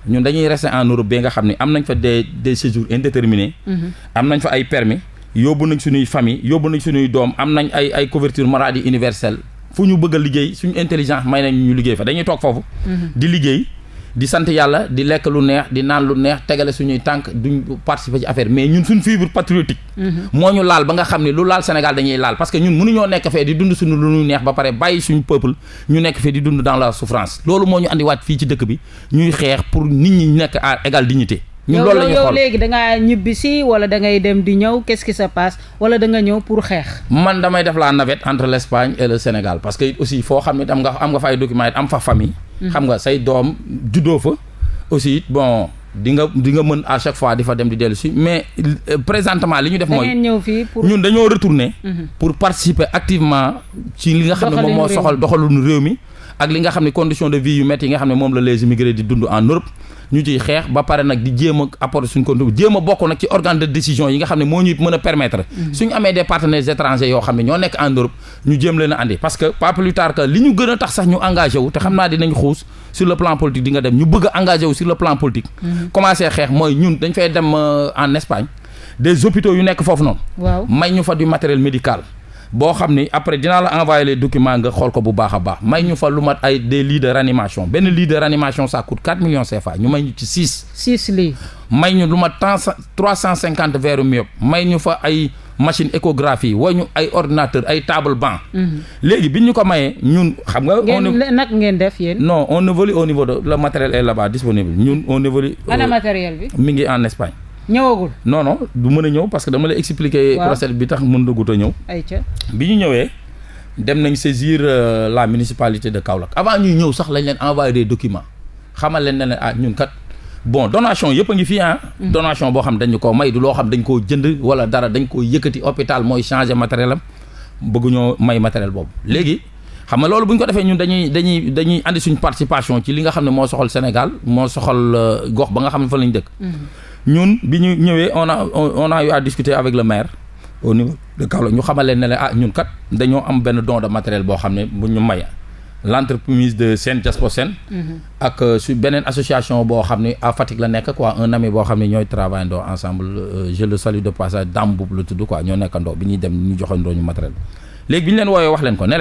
ñun dañuy rester en Europe bi nga xam ne am nañ fa des des séjours indéterminés. Hmm. am nañ fa ay permis yóbbu nañ suñuy famille yóbbu nañ suñuy doom am nañ ay ay couverture maladie universelle fu ñu bëgg a liggéey suñu intelligence may nañ ñu liggéey fa dañuy toog foofu. Hmm. di liggéey di sant yàlla di lekk lu neex di naan lu neex tegale suñuy tànk duñ participer ci affaire mais ñun suñ fibre patriotique mhm. moo ñu laal ba nga xam ne lu laal Sénégal dañuy laal parce que ñun mënuñoo nekk fee di dund suñu lu ñuy neex ba pare bàyyi suñu peuple ñu nekk fee di dund dans la souffrance loolu moo ñu andiwaat fii ci dëkk bi ñuy xeex pour nit ñi nekk à égale dignité ñun loolu la ñuy xool léegi da ñibbisi ñibbi si wala da dem di ñëw qu'est-ce qui wala da nga ñëw pour xeex. man damay def la navette entre l'Espagne et parce que aussi foo xam ne am nga am nga fa ay documents fa famille Mm-hmm. xam nga say doom juddoo fa aussi bon di nga di nga mën à chaque fois di fa dem di dellu si mais euh, présentement li ñu def mooy ñun dañoo retourner mm-hmm. pour participer activement ci li nga xam ne moom moo soxal doxaluñu réew mi ak li nga xam ne condition de vie yu métti yi nga xam ne moom la les immigrés di dund en Europe ñu ciy xeex ba pare nag di jéem a apporter suñu jéem a bokk nag ci organe de décision yi nga xam ne moo ñuy mën a permettre mm-hmm. suñu amee des partenaires étrangers yoo xam ne ñoo nekk en Europe ñu jéem leen a andi parce que pas plus tard que li ñu gën a tax sax ñu engagé wu te xam naa dinañ xuus sur le plan politique di nga dem ñu bëgg a engagé wu sur le plan politique mm-hmm. commencé xeex mooy ñun dañ fay dem euh, en Espagne des hôpitaux yu nekk foofu noonu may ñu fa matériel médical boo xam ni après dinaa la envoyer les documents nga xool ko bu baax baax may ñu fa lu mat ay des lits de réanimation benn lit de ranimation ça coûte 4 millions CFA ñu may ñu ci 6. 6 lits. may ñu lu mat trois cent cinquante verres yëpp may ñu fa ay machine échographie way ñu ay ordinateur ay table banc. Mhm. léegi bi ñu ko mayee ñun xam nga. ngeen nag ngeen def yéen. non on évolue au niveau de le matériel est là-bas disponible ñun on évolue. ana matériel bi mi ngi en Espagne. ñëwagul non non du mën a ñëw parce que dama lay expliquer procès bi tax mën dagut a ñëw bi ñu ñëwee dem nañ saisir euh, la municipalité de Kaolack avant ñuy ñëw sax lañ leen envoyé des documents xamal leen ne ne ah ñun kat bon donation yëpp a ngi fi ah mm-hmm. donation boo xam ne dañu ko may du loo xam dañ koo jënd wala dara dañ koo yëkkati hôpital mooy changer matériel am bëgguñoo may matériel boobu léegi xam nga loolu bu ñu ko defee ñun dañuy dañuy dañuy andi suñ participation ci li nga xam ne moo soxal Sénégal moo soxal euh, gox ba nga xam ne lañ dëkk mm-hmm. ñun bi ñu ñëwee on a on a eu à discuter avec le maire au niveau de ñu xamal leen ne leen ah ñun kat dañoo am benn don de matériel boo xam ne bu ñu may l'entreprise de Sen Diasposen mm-hmm. ak euh, su beneen association boo xam ne a Fatick la nekk quoi un ami boo xam ne ñooy travaillandoo ensemble euh, je le salue de passage Dame Boub la tudd quoi ñoo nekkandoo bi ñuy dem ñu joxandoo ñu matériel léegi bi ñu leen wooyee wax leen ko ne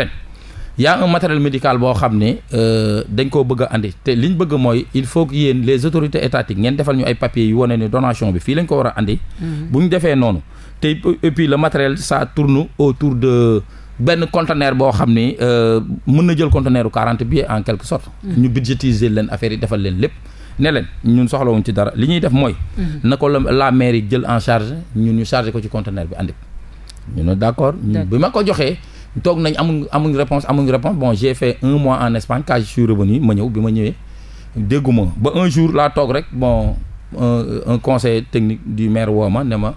yaa matériel médical boo xam ne euh, dañ koo bëgg a andi te ñu bëgg mooy il faut que yéen les autorités étatiques ngeen defal ñu ay papiers yu wane ne donation bi fii lañ ko war a andi. Mhm. bu ñu defee noonu te et puis le matériel ça tourne autour de. benn conteneur boo xam ni euh, mën na jël conteneur u quarante billets en quelque sorte mhm. ñu budgétiser leen affaire yi defal leen lépp ne leen ñun wuñ ci dara li ñuy def mooy mhm. na ko la mairie jël en charge ñun ñu chargé ko ci conteneur bi andi ñu ne d'accord bi ma ko joxee toog nañ amuñ amuñ réponse amuñ réponse bon j'ai un mois en Espagne quand je suis revenu ma ñëw bi ma ñëwee dégguma ba un jour laa toog rek bon un conseiller technique du maire woo ma ne ma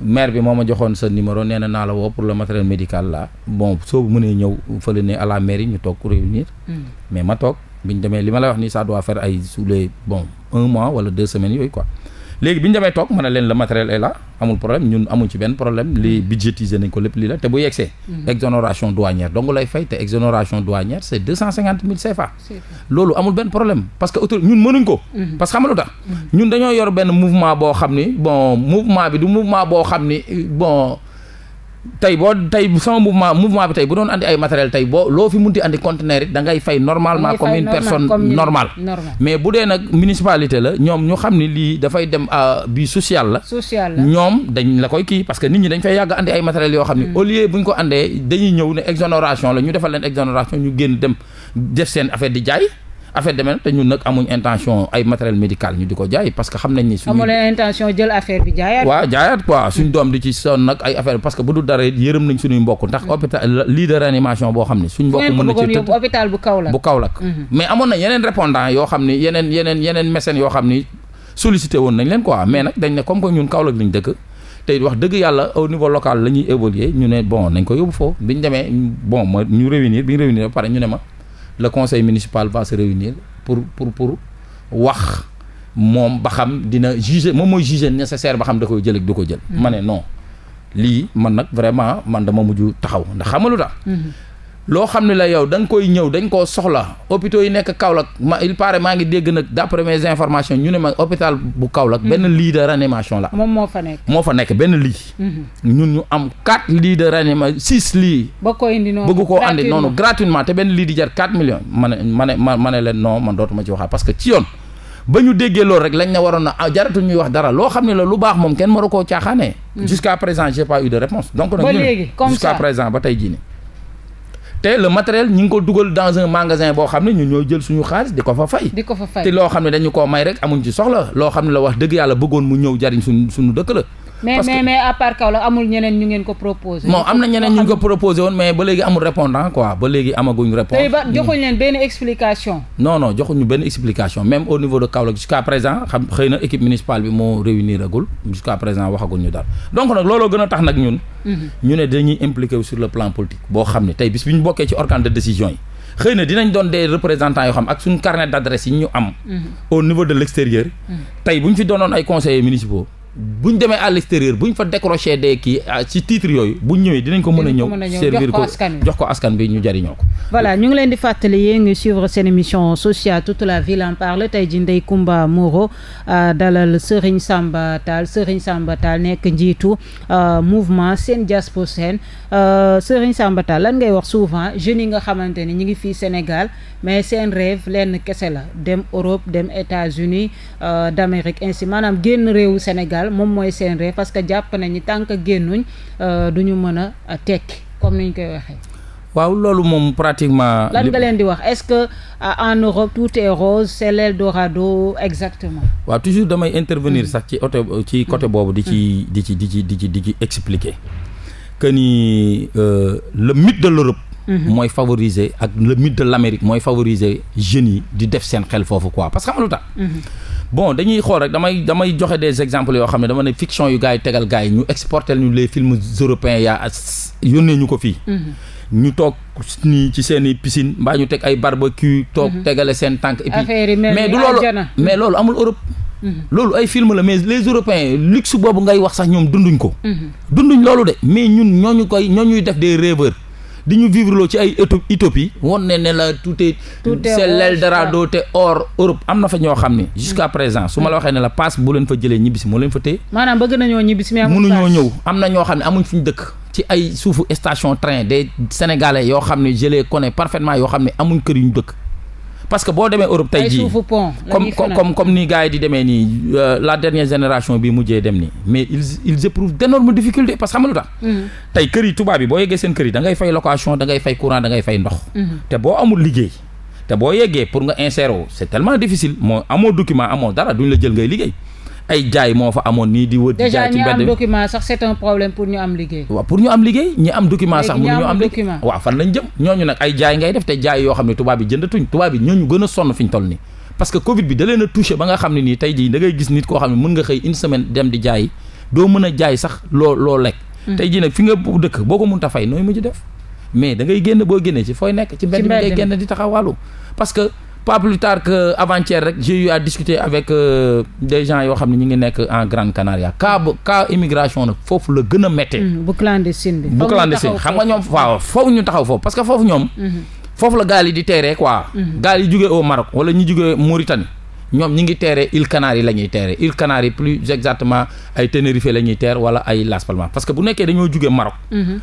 maire bi moo ma joxoon sa numéro nee na naa la woo pour le matériel médical là bon soo mënee ñëw fële ne à la mairie ñu toog réunir hmm. mais ma toog ñu demee li ma lay wax nii ça doit faire ay sous bon un mois wala deux semaines yooyu quoi léegi bi ñu demee toog ma ne leen le matériel est là amul problème ñun amuñ ci benn problème li budgétisé nañ ko lépp lii la te bu yegsee mm-hmm. exonération douanière donc lay fay te exonération douanière c'est deux cent cinquante mille CFA loolu amul benn problème parce que autorité ñun mënuñ ko mm-hmm. parce que xam mm-hmm. ñun dañoo yor benn mouvement boo xam ni bon mouvement bi du mouvement boo xam ni bon tey boo tey sama mouvement mouvement bi tey bu doon andi ay matériel tey boo loo fi munti andi conteneur it da ngay fay normalement comme une personne normale mais bu dee nag municipalité la ñoom ñu xam ne lii dafay dem bii social la ñoom dañ la koy kii parce que nit ñi dañ fay yàgg andi ay matériel yoo xam ne mm. au lieu buñ ko andee dañuy ñëw ne exonération la ñu defal leen exonération ñu génn dem def seen affaire di jaay affaire demee na te ñun nag amuñ intention ay matériel médical ñu di ko jaay parce que xam nañ ni suñ doom di ci sonn nag ay affaire parce que bu dul dara yërëm nañ suñuy mbokk ndax hôpital lii de réanimation boo xam ne suñ mbokk mën na ci tëdd hôpital bu Kaolack bu Kaolack mhm. mais amoon na yeneen répondant yoo xam ni yeneen yeneen yeneen mécènes yoo nañ leen quoi mais nag dañ ne comme ñun Kaolack lañ dëkk tey wax dëgg yàlla au niveau local la ñuy évoluer ñu ne bon nañ ko yóbbu foofu bi ñu demee bon ma ñu réunir bi ñu réunir pare ñu ne ma le conseil municipal va se réunir pour pour pour wax moom ba xam dina juger moom mooy juger nécessaire ba xam da koy jël ak du ko jël. Mm-hmm. ma ne no lii man nag vraiment man dama mujj taxaw ndax xamalu tax mm-hmm. loo xam ne la yow da nga koy ñëw dañ koo soxla hôpitaux yi nekk Kaolack ma il paraît maa ngi dégg nag d'après mes information ñu ne ma hôpital bu Kaolack. Hmm. benn lii de réanimation la. moom moo fa nekk moo fa nekk benn lii hmm. ñun ñu am quatre lits de réanimation six lits. ba ko indi noonu bëgg koo andi noonu gratuitement te benn lit di jar quatre millions. ma ne ma ne ma dootuma ci waxaat parce que ci yoon ba ñu déggee loolu rek lañ ne waroon na ah, jaratu ñuy wax dara loo xam ne la lu baax moom kenn waru koo caaxaanee. Hmm. jusqu'à présent j'ai pas eu tey jii te le matériel ñi ngi ko dugal dans un magasin boo xam ne ñu ñooy jël suñu xaalis di ko fa fay. di ko fa fay te loo xam ne dañu koo may rek amuñ ci soxla loo xam ne la wax dëgg yàlla bëggoon mu ñëw jariñ suñu suñu dëkk la. mais mais mais à part Kaolack amul ñeneen ñu ngeen ko proposé. bon am na ñeneen ñu ko proposé mais ba léegi amul répondant quoi ba léegi amaguñu réponse tey ba hmm. joxuñu leen benn explication. non non joxuñu benn explication même au niveau de Kaolack jusqu'à présent xam xëy na équipe municipale bi moo réunir agul jusqu'à présent waxaguñu dara donc nag looloo gën a tax nag ñun. Mhm. ñu ne dañuy impliqué sur le plan politique boo xam ne tey bis bi ñu bokkee ci organe de décision yi. xëy na dinañ doon des représentants yoo bu ñu demee à l'extérieur bu ñu fa décroché des ki ah, ci titre yooyu bu ñu ñëwee dinañ ko mën a ñëw servir ko jox ko askan bi ñu jariñoo ko voilà ñu ngi leen di fàttali yéen ngi suivre seen émission sociale toute la ville en parle tey ji Ndeye Comba Moreau euh, dalal Serigne Samba Tall Serigne Samba Tall nekk njiitu euh, mouvement seen Diaspo Sen euh, Serigne Samba Tall lan ngay wax souvent jeunes yi nga xamante ni ñu ngi fii Sénégal mais seen rêve lenn kese la dem Europe dem états uni Euh, d'Amérique ainsi maanaam génn réewu Sénégal moom mooy seen réew parce que jàpp nañu tant que génnuñ euh, du ñu mën a tekki comme ni ñu koy waxee. waaw loolu moom pratiquement. lan leen di wax est-ce que euh, en Europe tout est rose c'est l'Eldorado exactement. waaw toujours damay intervenir mm. sax ci oto ci côté boobu di ci mm. di ci di ci di ci di ci expliquer que ni le mythe de l'Europe. Mm-hmm. mooy favoriser ak le mythe de l'Amérique mooy favoriser jeunes yi di def seen xel foofu quoi parce que lu tax. Mm-hmm. bon dañuy xool rek damay damay joxe des exemples yoo xam ne dama ne fiction yu gars yi tegal gars yi ñu exporter ñu les films européens yaa yónnee ñu ko fii. Mhm. ñu toog nii ci seen i piscine mbaa ñu teg ay barbecue toog mhm. tegale seen tànk. et puis mais du loolu mais loolu amul Europe. Mhm. loolu ay film la mais les européens luxe boobu ngay wax sax ñoom dunduñ ko. dunduñ loolu de mais ñun ñooñu koy ñoo ñuy def des rêveurs. di ñu vivre ci ay utopie woon ne ne la tout est c'est l'Eldorado te or Europe am na fa ñoo xam ne jusqu'à présent su ma la waxee ne la passe bu leen fa jëlee ñibbisi moo leen fa téye maanaam bëgg nañoo ñibbisi mais mënuñoo ñëw am na ñoo xam ne amuñ fu ñu dëkk ci ay suufu station train des sénégalais yoo xam ne je les connais parfaitement yoo xam ne amuñ kër yu ñu dëkk parce que boo demee Europe tey jii comme comme comme ni gars yi di demee nii euh, la dernière génération bi mujjee dem nii mais ils ils éprouvent d'énormes difficultés parce que xam nga lu tax mm. tey kër yi boo yeggee seen kër yi ngay fay location da fay courant da ngay fay ndox mm-hmm. te boo amul liggéey te boo yeggee pour nga insérer c'est tellement difficile moo amoo document amoo dara duñ la jël ngay liggéey ay jaay moo fa amoon nii di wër. déjà ñi am document sax c'est un pour ñu am liggéey. ñi am document sax mënu ñu am liggéey waaw fan lañ jëm ñooñu nag ay jaay ngay def te jaay yoo xam ne tubaab bi jëndatuñ gën a sonn fi ñu toll nii parce Covid bi da leen a touché ba nga xam ne nii tey jii ngay gis nit koo xam ne mën nga xëy une dem di jaay doo mën a jaay sax loo loo lekk. Hmm. tey jii nag fi nga dëkk boo ko mënta fay nooy mujj def mais da ngay génn boo fooy nekk. ci mbedd mi pas plus tard que avant-hier rek j'ai eu à discuter avec euh, des gens yoo xam ne ñu ngi nekk en Grande Canaria cas cas immigration nag foofu la gën a méttee. Mm, bu clandestine bi. bu clandestine xam nga ñoom waaw foofu ñu taxaw foofu parce que foofu ñoom. Mm-hmm. foofu la gaal yi di teeree quoi. Mm-hmm. gaal yi jugee au Maroc wala ñu jugee Mauritanie. ñoom ñu ngi teere îles Canaries la ñuy teere îles Canaries plus exactement ay Tenerife la ñuy teer wala ay Las parce que bu nekkee dañoo jugee Maroc. Mm-hmm.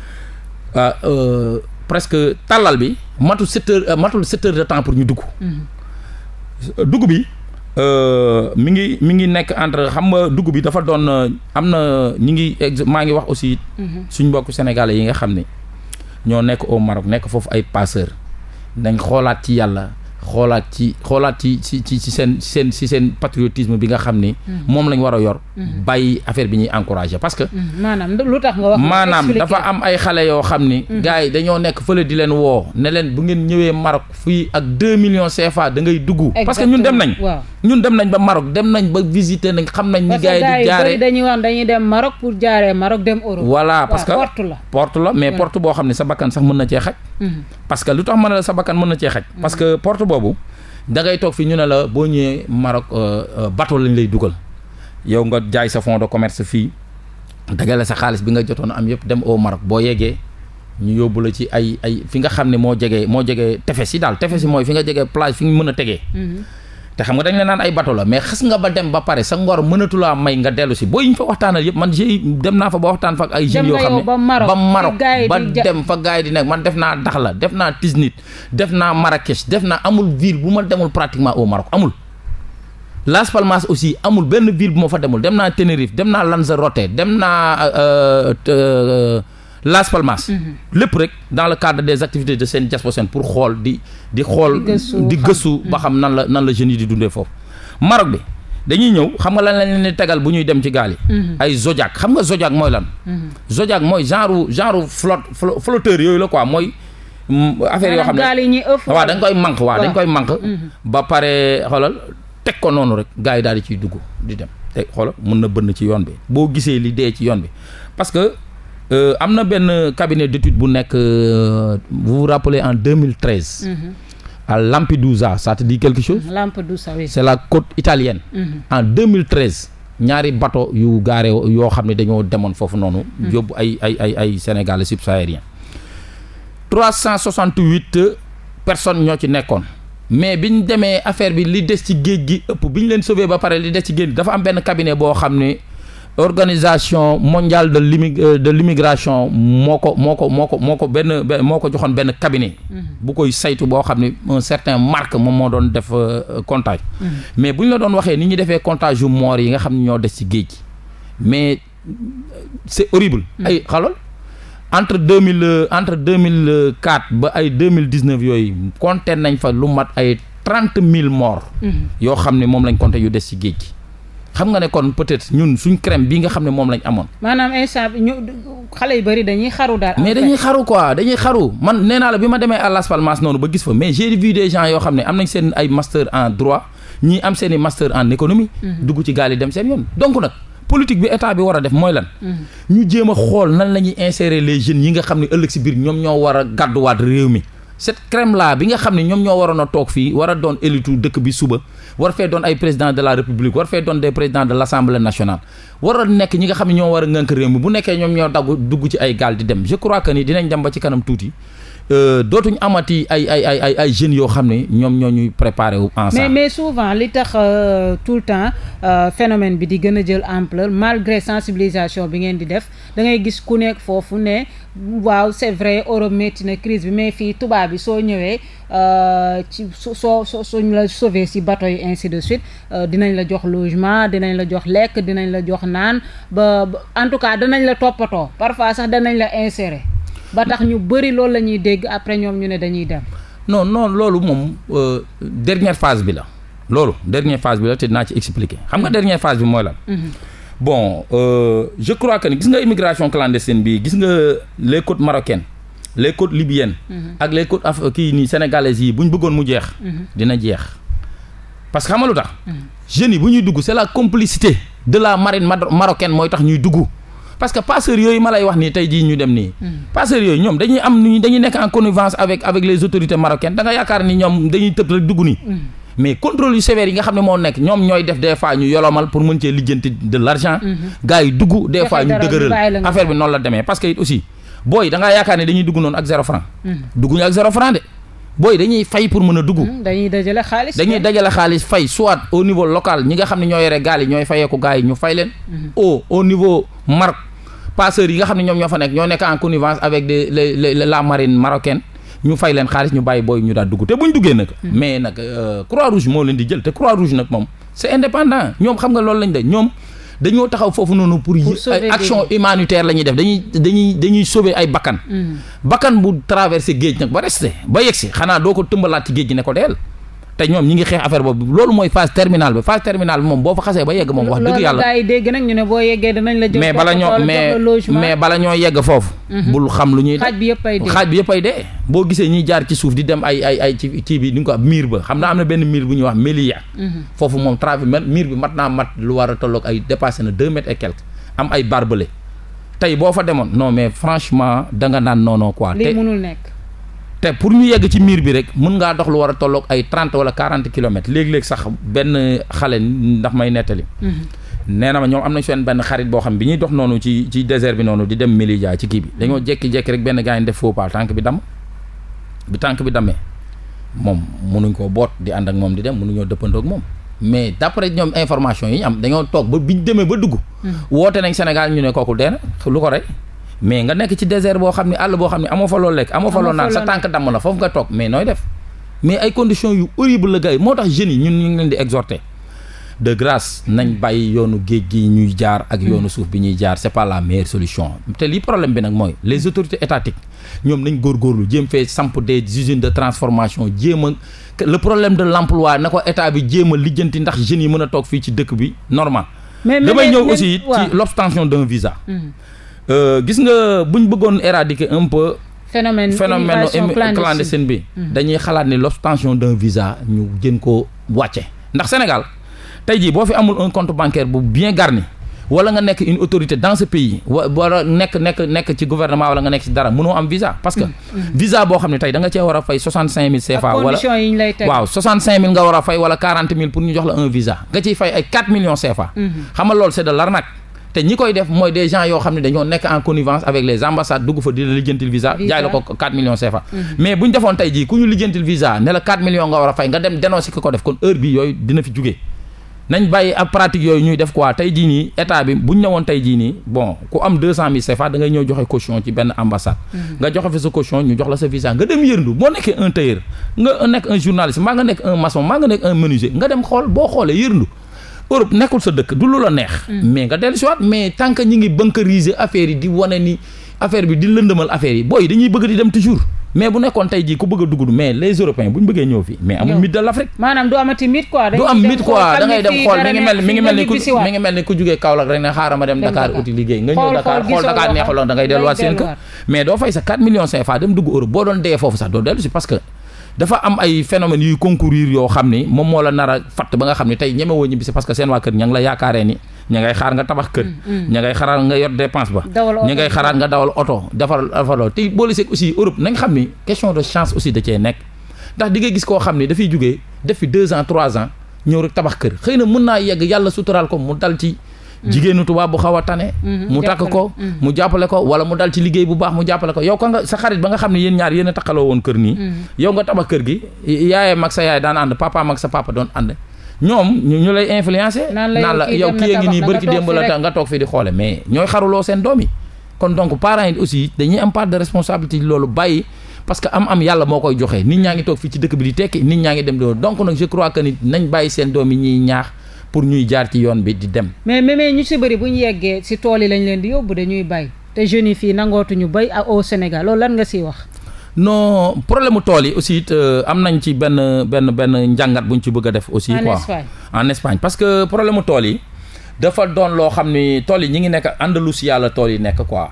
Ah, euh, presque tàllal bi matu sept euh, matul sept heures de temps pour ñu dugg. Mm-hmm. dugg bi euh, mi ngi mi ngi nekk entre xam nga dugg bi dafa doon euh, am na ñu ngi ex maa ngi wax aussi. Mm-hmm. suñ mbokku sénégalais yi nga xam ni ñoo nekk au Maroc nekk foofu ay passeur nañ xoolaat ci yàlla. xoolaat ci xoolaat ci ci ci seen seen si seen patriotisme bi nga xam ni. Mhm. moom lañ war a yor. Mhm. bàyyi affaire bi ñuy encouragé parce que. Mhm. maanaam lu tax nga wax. maanaam dafa am ay xale yoo xam ni. gars yi dañoo nekk fële di leen woo ne leen bu ngeen ñëwee Maroc fii ak 2 millions CFA da ngay dugg. parce que ñun dem nañ. ñun dem nañ ba Maroc dem nañ ba visiter nañ xam nañ. ni gars yi di jaaree dañuy wax dañuy dem Maroc pour jaaree Maroc dem Europe. voilà parce que porte la porte la mais porte boo xam ne sa bakkan sax mën na cee xaj. parce que lu tax na la boobu da ngay toog fi ñu ne la boo ñëwee Maroc euh, euh, bateau lañ lay dugal yow nga jaay sa fond de commerce fii dagale sa xaalis bi nga jotoon am yëpp dem au Maroc boo yeggee ñu yóbbu la ci ay ay fi nga xam ne moo jege moo jege tefes yi daal tefes yi mooy fi nga jege plage fi nga mën a tegee. Mm-hmm. te xam nga dañ la naan ay bato la mais xas nga ba dem ba pare sa ngor mënatulaa may nga dellu si booy ñu fa waxtaanal yëpp man j dem naa fa ba waxtaan fa ak ay jeunes yoo xam ne ba Maroc ba dem fa gaay yi di nekk man def naa Dakhla def naa Tiznit def naa Marrakech def naa amul ville bu ma demul pratiquement au Maroc amul Las Palmas aussi amul benn ville bu ma fa demul dem naa Tenerife dem naa Lanzarote dem naa euh, euh, Las Palmas. Mhm. lépp rek dans le cadre des activités de seen diaspora pour xool di di xool di gëstu ba xam nan la nan la jeunes yi di dundee foofu Maroc bi dañuy ñëw xam nga lan lañ leen di tegal bu ñuy dem ci gaal yi mhm. ay zodiac xam nga zodiac mooy lan mhm. zodiac mooy genre genre flotte flotteur yooyu la quoi mooy mm, affaire yoo xam ne waaw dañ koy manq waaw dañ koy manq ba pare xoolal teg ko noonu rek gars yi daal di ciy dugg di dem te xoolal mun na bënn ci yoon bi boo gisee li dee ci yoon bi Euh, am na benn cabinet d'étude bu nekk euh, vous vous rappelez en 2013. Mm -hmm. à Lampedusa ça te dit quelque chose. Lampedusa c'est la côte italienne. Mm -hmm. en 2013 ñaari bato yu gaare yoo xam ne dañoo demoon foofu noonu. Mhm. yóbbu ay ay ay ay Sénégalais subsahariens. 368 personne ñoo ci nekkoon. mais bi ñu demee affaire bi li des ci géej gi ëpp bi ñu leen sauvé ba pare li des ci géej dafa am benn cabinet boo xam ne. organisation mondial de l' euh, de l' moo ko moo ko moo ko moo ko benn moo ko joxoon benn cabinet. Mm-hmm. bu koy saytu boo xam ne un certain marque moom moo doon def euh, contage mm-hmm. mais bu ñu la doon waxee ni ñu defee contage yu moor yi nga xam ne ñoo des ci géej mais euh, c' est horrible. Mm-hmm. ay xalool entre deux mille entre deux mille quatre ba ay deux mille dix neuf yooyu compté nañ fa lu mat ay trente mille morts. yoo xam ne moom lañ compté yu des ci géej gi. xam nga ne kon peut-être ñun suñ crème bi nga xam ne moom lañ amoon. maanaam instant bi ñu xale yu bëri dañuy xaru daal. mais dañuy xaru quoi dañuy xaru man nee naa la bi ma demee à Las Palmas noonu ba gis fa mais j'ai vu des gens yoo xam ne am nañ seen ay master en droit ñii am seen i master en économie. Mhm. dugg ci gaal yi dem seen yoon donc nag. politique bi état bi war a def mooy lan. Mhm. ñu jéem a xool nan la ñuy insérer les jeunes yi nga xam ne ëllëg si biir ñoom ñoo war a gàdduwaat réew mi. cette crème là bi nga xam ne ñoom ñoo waroon a toog fii war a doon élitu dëkk bi suba war fee doon ay président de la république war fee doon des présidents de l' nationale war a nekk ñi nga xam ne ñoo war a ngënk réew bu nekkee ñoom ñoo dagg dugg ci ay gaal di dem je crois que ni dinañ dem ba ci kanam tuuti Euh, dootuñ amati ay ay ay ay jeunes yoo xam ne ñoom ñoo ñuy préparé wu en mais mais souvent li tax euh, tout le temps euh, phénomène bi di gën a jël ampleur malgré sensibilisation bi ngeen di def da ngay gis ku nekk foofu ne waaw c'est vrai Europe métti na crise bi mais fii tubaab bi soo ñëwee ci soo soo suñ la sauver si bateau yi ainsi de suite dinañ la jox logement dinañ la jox lekk dinañ la jox naan ba en tout cas danañ la toppatoo parfois sax danañ la insérer ba tax ñu bëri loolu la ñuy dégg après ñoom ñu ne dañuy dem. non non loolu moom euh, dernière phase bi la loolu dernière phase bi la te dinaa ci expliquer xam nga dernière phase bi mooy lan. Mhm. bon euh, je crois que gis nga immigration clandestine bi gis nga les côtes marocaines les côtes libyennes. Mhm. ak les côtes kii nii sénégalaises yi bu ñu bëggoon mu jeex. Mhm. dina jeex parce que xam tax. jeunes yi bu ñuy dugg c'est la complicité de la marine marocaine mooy tax ñuy dugg. parce que passeurs yooyu ma lay wax nii tey jii ñu dem nii. Hmm. passeurs yooyu ñoom dañuy am nu dañuy nekk en connivence avec avec les autorités marocaines da nga yaakaar ni ñoom tëb dugg nii. Hmm. mais contrôle yu sévère yi nga xam ne moo nekk ñoom ñooy def des fois ñu yolomal pour mën cee lijjanti de l' argent. Hmm. gars yi dugg des fois ñu dëgëral affaire bi noonu la demee parce que it aussi booy da ngaa yaakaar ne dañuy dugg noonu ak zéro franc. dugguñu ak zéro franc de. booy dañuy fay pour mën a dugg. dañuy dajale xaalis dañuy dajale xaalis fay soit au niveau local ñi nga xam ne ñoo yore gaal yi ñooy fay leen. au au niveau marque passeurs yi nga xam ne ñoom ñoo fa nekk ñoo nekk en connivence avec des les la marine marocaine ñu fay leen xaalis ñu bàyyi booy ñu daal dugg te bu ñu duggee nag. Mm-hmm. mais nag euh, croix rouge leen di jël te croix rouge nag moom c' est indépendant ñoom xam nga loolu lañ de ñoom dañoo taxaw foofu noonu pour. action humanitaire la ñuy def dañuy dañuy dañuy sauver ay bakkan. Mm-hmm. bakkan bu traversé géej nag ba reste ba yegsi xanaa doo ko tëmbalaat ci géej gi ne ko deel te ñoom ñi ngi xeex affaire boobu loolu mooy phase terminale bi phase terminale bi moom boo fa xasee ba yegg moom wax dëgg yàlla mais bala ñoo mais bala ñoo yegg foofu mhm. bul xam lu ñuy xaaj bi yëpp ay dee boo gisee ñuy jaar ci suuf di dem ay ay ay ci kii bi ni ko miir ba xam naa am na benn miir bu ñuy wax mélia mhm. foofu moom travers miir bi mat naa mat lu war a tolloog ay dépassé na deux mètres et quelques am ay barbelé tey boo fa demoon no mais franchement da nga naan non non nekk te pour ñu yegg ci miir bi rek mën ngaa dox lu war a tolloog ay trente wala quarante kilomètres léeg-léeg sax benn xale ndax may nettali. Mhm. nee na ma ñoom am nañ seen benn xarit boo xam bi ñuy dox noonu ci ci désert bi noonu di dem Melilla ci kii bi dañoo jékki-jékki rek benn gars yi def faux pas tànk bi dam bi tànk bi damee moom mënuñ koo boot di ànd ak moom di dem mënuñoo dëppandoo ak moom. mais d'après ñoom information yi ñu am dañoo toog ba biñ demee ba dugg. Mhm. woote nañ Sénégal ñu ne kooku dee ko rey. mais nga nekk ci désert boo xam ne àll boo xam ne amoo fa loo lekk amoo fa loo naan sa tànk damm na foofu nga toog mais nooy def mais ay conditions yu horrible la gars yi moo tax jeunes yi ñun ñu ngi leen di exhorter de grâce nañ bàyyi yoonu géej gi ñuy jaar ak hmm. yoonu suuf bi ñuy jaar c'est pas la meilleure solution te lii problème bi nag mooy les autorités étatiques ñoom nañ góorgóorlu jéem fee samp des usines de transformation jéem a le problème de l'emploi na ko état bi jéem a lijjanti ndax jeunes yi mën a toog fii ci dëkk bi normal damay ñëw aussi ci l'obtention visa hmm. Euh, gis nga bu ñu bëggoon éradiquer un peu. phénomène phénomène clandestine bi. Mhm. dañuy xalaat ni l'obtention d'un visa ñu gën koo wàcce ndax Sénégal tey jii boo fi amul un compte bancaire bu bien garni wala nga nekk une autorité dans ce pays wa nekk nekk ci gouvernement wala nga nekk ci dara mënoo am visa parce mhm. visa boo xam ne tey da nga war a fay soixante a pour ñu jox la un visa nga ciy fay ay quatre millions CFA mhm. xam nga loolu c'est de te ñi koy def mooy des gens yoo xam ne dañoo nekk en connivence avec les ambassades dugg fa di la visa jaay la ko 4 millions CFA mm-hmm. mais bu ñu defoon tey jii ku ko def kon heure bi yooyu dina fi jugee nañ bàyyi ab pratique yooyu ñuy def quoi tey jii nii état bi bu ñu newoon tey jii nii bon ku am deux cent mille CFA da ngay ñëw joxe caution ci benn ambassade. Mm-hmm. nga joxe fi sa caution ñu jox la sa visa nga dem yërndu boo nekkee un tailleur nga nekk Europe nekkul sa dëkk du lu la neex. Mm. mais nga dellu waat mais tant que ngi bunkeriser affaire yi di wane ni affaire bi di lëndëmal affaire yi booy dañuy bëgg di dem toujours. mais bu nekkoon tey jii ku bëgg a dugg mais les européens bu ñu bëggee ñëw fii mais amul mythe de l'Afrique. du am mythe quoi da dem xool mais doo fay sa 4 millions 5 fois dem dugg Europe boo doon dee foofu sax doo dellu si dafa am ay phénomènes yuy concourir yoo xam ni moom moo la nar a fatt ba nga xam ni tey ñemewoo ñibbisi parce que seen waa kër ña ngi la yaakaaree ni ña ngay xaar nga tabax kër mm, mm. ña ngay xaraar nga yor dépense ba ña ngay xaraar nga dawal oto defar defarloo te boole seeg aussi Europe nañ xam ni question de chance aussi da cee nekk ndax di nga gis koo xam ni dafay jógee def fi deux ans trois ans ñëw rek tabax kër xëy na mun naa yegg yàlla suturaal ko mu dal ci jigéenu tubaab bu xaw a tane mhm. mu takk ko mhm. mu jàppale ko wala mu dal ci liggéey bu baax mu jàppale ko yow ka nga sa xarit ba nga xam ne yéen ñaar yéen a takkaloo woon kër nii mhm. yow nga tabax kër gi yaayee mag sa yaay daan ànd papa mag sa papa doon ànd ñoom ñu lay influencer naan la yow kii a ngi nii bërki démb la nga toog fii di xoole mais ñooy xaruloo seen doom yi kon donc parents yi aussi dañuy am part de responsabilité loolu bàyyi parce que a am yàlla moo koy joxe nit ñaa toog fii ci dëkk bi di tekki nit ñaa ngi dem loolu donc nag je que nit nañ bàyyi seen doom yi ñuy ñaax pour ñuy jaar ci yoon bi di dem. mais mais ñu si bëri bu ñu yeggee si tool yi lañ leen di yóbbu dañuy bay te jeunes yi fii nangootuñu bay au Sénégal loolu lan nga siy wax. non problème mu tool yi aussi it euh, am nañ ci benn benn benn njàngat bu ñu ci bëgg a def. aussi quoi en en Espagne parce que problème mu tool yi dafa doon loo xam ni tool yi ñu ngi nekk Andalusia yàlla tool yi nekk quoi.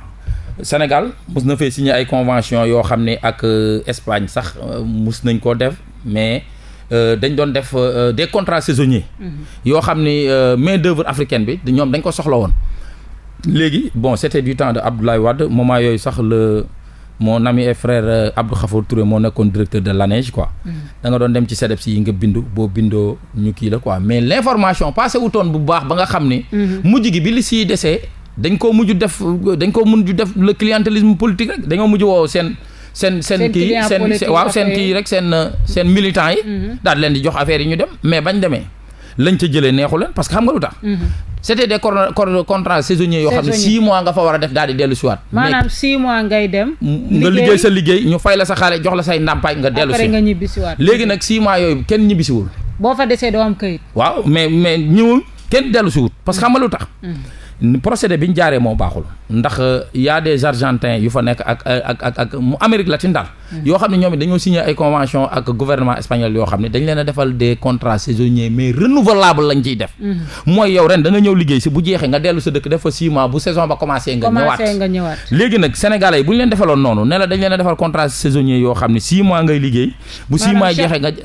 Sénégal mus na fee signé ay convention yoo xam ne ak euh, Espagne sax euh, mus nañ koo def Euh, dañ doon def euh, euh, des contrats saisonniers. Mhm. yoo xam ni main d'œuvre africaine bi ñoom dañ ko soxla woon. léegi bon c'était du temps de Abdoulaye Wade moment yooyu sax le mon ami et frère Abdou Khafour Touré moo nekkoon directeur de l'ANEJ quoi. Mhm. da nga doon dem ci CDEPS yi nga bindu boo bindoo ñu kii la quoi mais l'information passé wutoon bu baax ba nga xam ni. Mhm. mujj gi bi li siy desee dañ koo mujj def dañ koo mujj def le clientélisme politique rek dañoo mujj woo seen. seen seen kii seen waaw seen kii rek seen seen militants yi mm-hmm. daal leen di jox affaire yi ñu dem mais bañ demee lañ ca jëlee neexu leen parce que xam nga lu tax mm-hmm. c'était des contrats saisonniers yoo xam ne six mois nga fa war a def daal di dellu si waat maanaam six mois ngay dem nga liggéey sa liggéey ñu fay la sa xaale jox la say ndàmpaay nga dellu si nga ñibbi si waat léegi nag six mois yooyu kenn ñibbisiwul boo fa desee doo am këyit waaw mais mais ñëwul kenn dellu si wut parce que xam tax mm-hmm. procédé bi ñu jaaree moo baaxul ndax euh, y a des argentins yu fa nekk ak ak ak ak mu Amérique latine daal Mm-hmm. yoo xam ne ñoom it dañoo signé ay convention ak gouvernement espagnol yoo xam ne dañ leen defal des contrats saisonniers mais renouvelable lañ ciy def mm-hmm. mooy yow ren da ñëw liggéey si bu jeexee nga dellu sa dëkk def fa 6 bu saison ba commencé nga ñëwaat léegi nag sénégalais bu ñu leen defaloon noonu ne la nga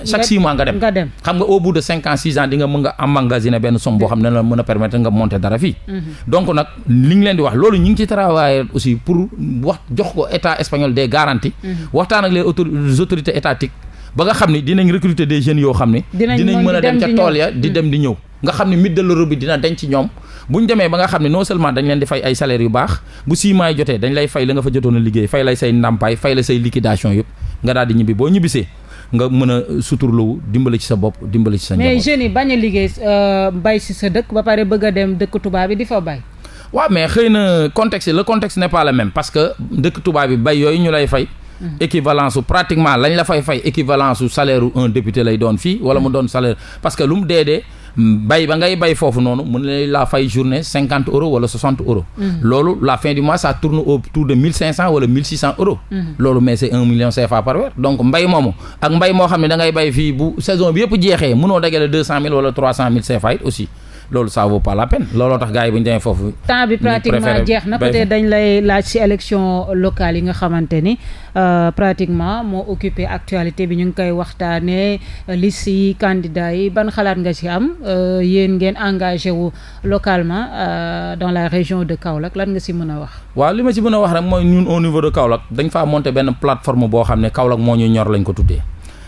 chaque nga dem benn somme boo xam ne la mën a permettre nga monter dara fii mm-hmm. donc nag li ñu leen di wax loolu ñu ngi ci travailler aussi waxtaan ak les autorités étatiques ba nga xam ne dinañ recruter des jeunes yoo xam ne dinañ mën a dem ca tool ya di mm. dem di de l'euro bi dina denc ñoom bu ñu demee dañ ay salaires yu baax bu six mois jotee lay fay la nga fa jotoon a liggéey fay lay say ndàmpaay fay la say liquidation yëpp nga daal di ñibbi boo ñibbisee nga mën a suturlawu dimbali ci sa bopp dimbali ci sa njaboot mais jeunes yi bañ a liggéey euh, bay ci sa dëkk ba pare bëgg a dem dëkk tubaab bi di fa bay waaw mais xëy na contexte le contexte n'est pas le même parce que dëkk tubaab bay yooyu ñu lay fay équivalence su pratiquement lañ la fay fay équivalence su salaire u lay doon fii wala mu doon salaire parce que lu mu dee dee bay ba ngay bay foofu noonu mën na laa fay journée cinquante euros wala mm-hmm. loolu la fin du mois ça tourne autour de mille cinq cent wala mille six cent euros. Mm-hmm. loolu mais c'est un million CFA par weer donc mbay moomu ak mbay moo xam ne da bay fii bu saison bi yëpp jeexee mënoo dajale deux cent mille wala trois cent mille CFA it aussi. loolu ça vaut pas la peine looloo tax gars yi bu ñu demee foofu. temps bi pratiquement jeex na peut te dañ lay laaj ci élection locale yi nga xamante ni euh, pratiquement moo occupé actualité bi ñu ngi koy waxtaanee euh, liste yi candidats yi ban xalaat nga ci am euh, yéen ngeen engagé wu localement dans la région de Kaolack lan nga ci mën a wax. waaw li ma ci mën a wax rek mooy ñun au niveau de Kaolack dañ fa monter benn plateforme boo xam ne Kaolack moo ñu ñor lañ ko tuddee.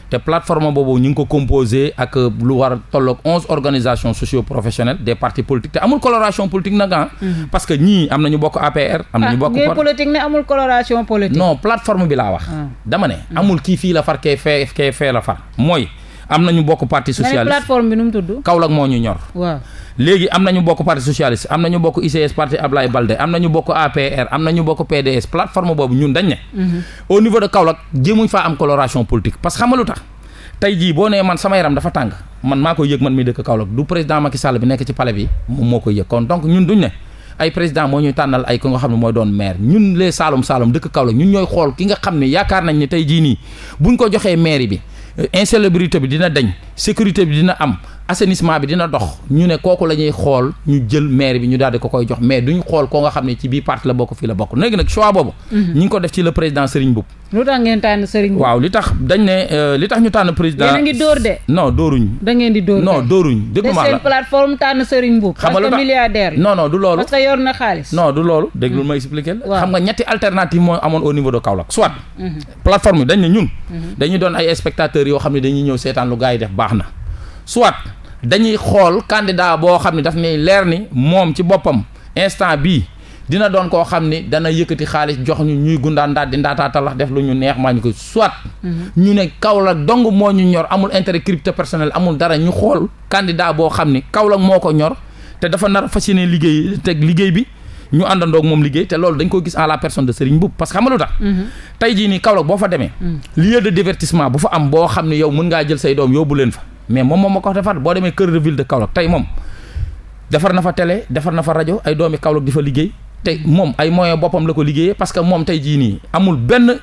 te plateforme boobu ñu ngi ko composé ak lu war tolloog onze organisations socio-professionnelles des partis politiques te amul coloration politique nag ah. Mhm. parce que ñii am na ñu bokk APR. am na ñu ah, bokk par politique ne amul coloration politique. non plateforme bi laa wax. Ah. dama ne mhm. amul kii fii la far kee fee kee la far mooy. am nañu bokk parti socialiste plateforme bi nu mu tudd. Kaolack moo ñu ñor. waaw léegi am nañu bokk parti socialiste am nañu bokk ICS parti Ablaye Balde am nañu bokk APR am nañu bokk PDS plateforme boobu ñun dañ ne. Mhm. au niveau de Kaolack jéemuñ faa am coloration politique parce que xam nga lu tax tey jii boo nee man sama yaram dafa tàng man maa koy yëg man mi dëkk Kaolack du président Macky Sall bi nekk ci palais bi moom moo koy yëg kon donc ñun duñ ne. ay président moo ñuy tànnal ay ko nga xam ne mooy doon maire ñun les Saloum Saloum dëkk Kaolack ñun ñooy xool ki nga xam ne yaakaar nañ ne tey jii nii buñ ko joxee maire bi insalubrité bi dina dañ sécurité bi dina am assainissement bi dina dox ñu ne kooku la ñuy xool ñu jël maire bi ñu daal di ko koy jox mais duñu xool koo nga xam ne ci bii parti la bokk fii la bokk léegi nag choix boobu. Mhm. ñu ngi ko président Serigne Mboup. lu tax ngeen tànn waaw li tax dañ ne euh, tax ñu tànn président. ngi dóor de. non dóoruñ. da ngeen di dóor de non dóoruñ. déggu ma la seen plateforme tànn Serigne xam nga lu tax parce que milliardaire la. non non du loolu. parce que na mhm. ñetti alternative moo amoon au niveau de Kaolack soit. Mhm. plateforme bi ñun. dañuy doon ay spectateurs yoo xam ne dañuy ñëw seetaan lu gars yi def baax na soit dañuy xool candidat boo xam ne daf ne leer ni moom ci boppam instant bii dina doon koo xam ni dana yëkkati xaalis jox ñuy gundaan ndaat di def lu ñu neex maa ñu ko soit mhm. ñu ne Kaolack dong moo ñu ñor amul intérêt crypto personnel amul dara ñu xool candidat boo xam ni Kaolack moo ko ñor te dafa nar a fas liggéey teg liggéey bi ñu àndandoog moom liggéey te loolu dañ ko gis en la personne de Serigne Mboup parce que xam nga lu tax mhm. tey jii nii Kaolack boo fa demee mhm. lieu de divertissement bu fa am boo xam ne yow mën ngaa jël say doom yóbbu leen fa mais moom moom ma ko defar boo demee cœur de ville de Kaolack tey moom defar na fa télé defar na fa rajo ay doomi Kaolack di fa liggéey tey moom ay moyens boppam la ko liggéeyee parce que moom tey jii nii amul benn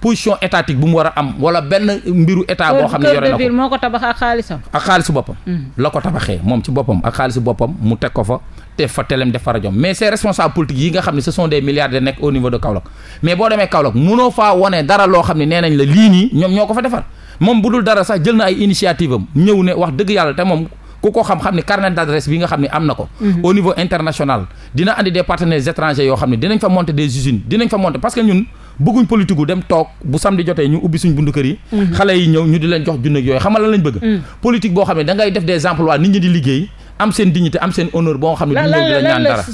position étatique bu mu war a am wala benn mbiru état boo xam ne yore na ko moo ko tabax ak xaalisam ak xaalisu boppam mm. la ko tabaxee moom ci boppam ak xaalisu boppam mu teg ko fa te fa telem def fa rajo mais ces responsables politiques yi nga xam ne ce sont des milliardaires nekk au loo xam ne nee nañ la ñoom ñoo ko fa defar moom bu dul dara sax jël na ay initiative am ñëw ne wax dëgg yàlla te moom ku ko xam-xam ni carnet d'adresse bi nga xam ne am na ko mhm. au niveau international dina andi des partenaires étrangers yoo xam ne dinañ fa monter des usines dinañ fa monter parce que ñun bëgguñ politique gu dem toog bu samedi jotee ñu ubbi suñ bundu kër yi mhm. xale yi ñëw ñu di leen jox junne yooyu xamal la lañ bëgg mhm. politique boo xam ne da ngay def des emplois nit ñi di liggéey am seen dignité am seen honneur boo xam ne duñ ñëw di la ñaan dara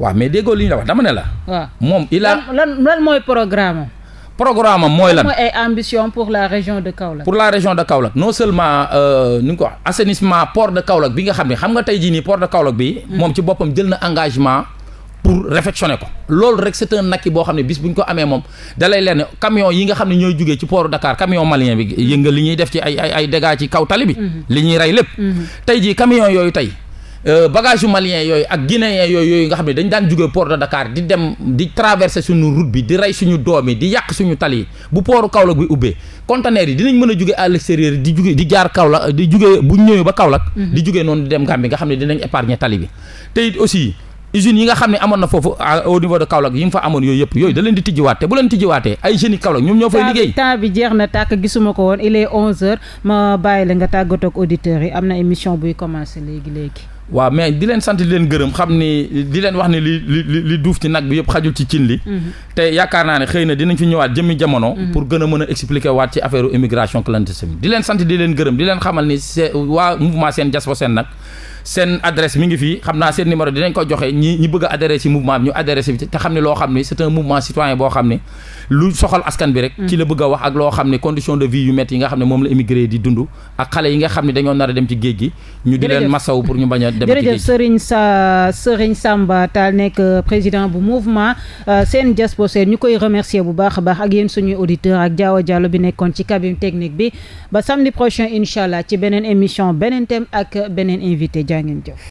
waaw mais déggoo li ñu la dama ne la. waaw moom il lan lan mooy programme programme mooy lan mooy ay ambition pour la région de Kaolack. pour la région de Kaolack non seulement euh, ni nga ko wax assainissement bi nga xam ne xam nga tey jii nii port de Kaolack bi hmm. moom ci boppam jël na engagement pour réfectionner ko. loolu rek c'est un nakki boo xam ne bis bu ñu ko amee moom dalay leen ne camion yi nga xam ne ñooy jugee ci port Dakar camion malien bi yëngal li ñuy def ci a ay ay dégâts ci kaw tali bi. Hmm. li ñuy rey lépp. Hmm. tey jii camion yooyu tey. Euh, bagage yu malien yooyu ak guinéen yooyu yooyu nga xam ne dañ daan jóge port de Dakar di dem di traverser suñu route bi di rey suñu doom yi di yàq suñu tali yi bu pooru Kaolack bi ubbee conteneur yi dinañ mën a jóge à l'extérieur di jóge di jaar Kaolack di jóge bu ñëwee ba Kaolack mhm. di jóge noonu di dem Gambie nga xam ne dinañ épargner tali bi te it aussi usines yi nga xam ne amoon na foofu au niveau de Kaolack fa amoon yooyu yëpp yooyu da leen di tijjiwaat te bu leen tijjiwaatee ay jeunes yi Kaolack ñoom ñoo fay liggéey temps bi jeex na tàkk gisuma yi am na émission buy commencer léegi léegi waaw mais di leen sant di leen gërëm xam ni di leen wax ni li li li duuf ci nag bi yëpp xajul ci cin li mhm. te yaakaar naa ne xëy na dinañ fi ñëwaat jëmmi jamono mhm. pour gën a mën a expliquer waat ci affaire immigration clandestine di leen sant di leen gërëm di leen xamal ni se waa mouvement seen jaspo seen nag seen adresse mi ngi fii xam naa seen numéro dinañ ko joxe ñi bëgg a ci mouvement bi ñu adhéré ci te xam ne loo xam ne c'est mouvement citoyen boo xam ne lu soxal askan bi rek mm. ci la bëgg a wax ak loo xam ne condition de vie yu métti yi nga xam ne moom la immigré di dund ak xale yi nga xam ne dañoo nar a dem ci géej gi ñu di leen masaw pour ñu bañ a dem ci géej gi euh, euh, ñu koy remercier bu baax a baax ak yéen suñuy auditeur ak Diawa Diallo bi nekkoon jaa ngeen jëf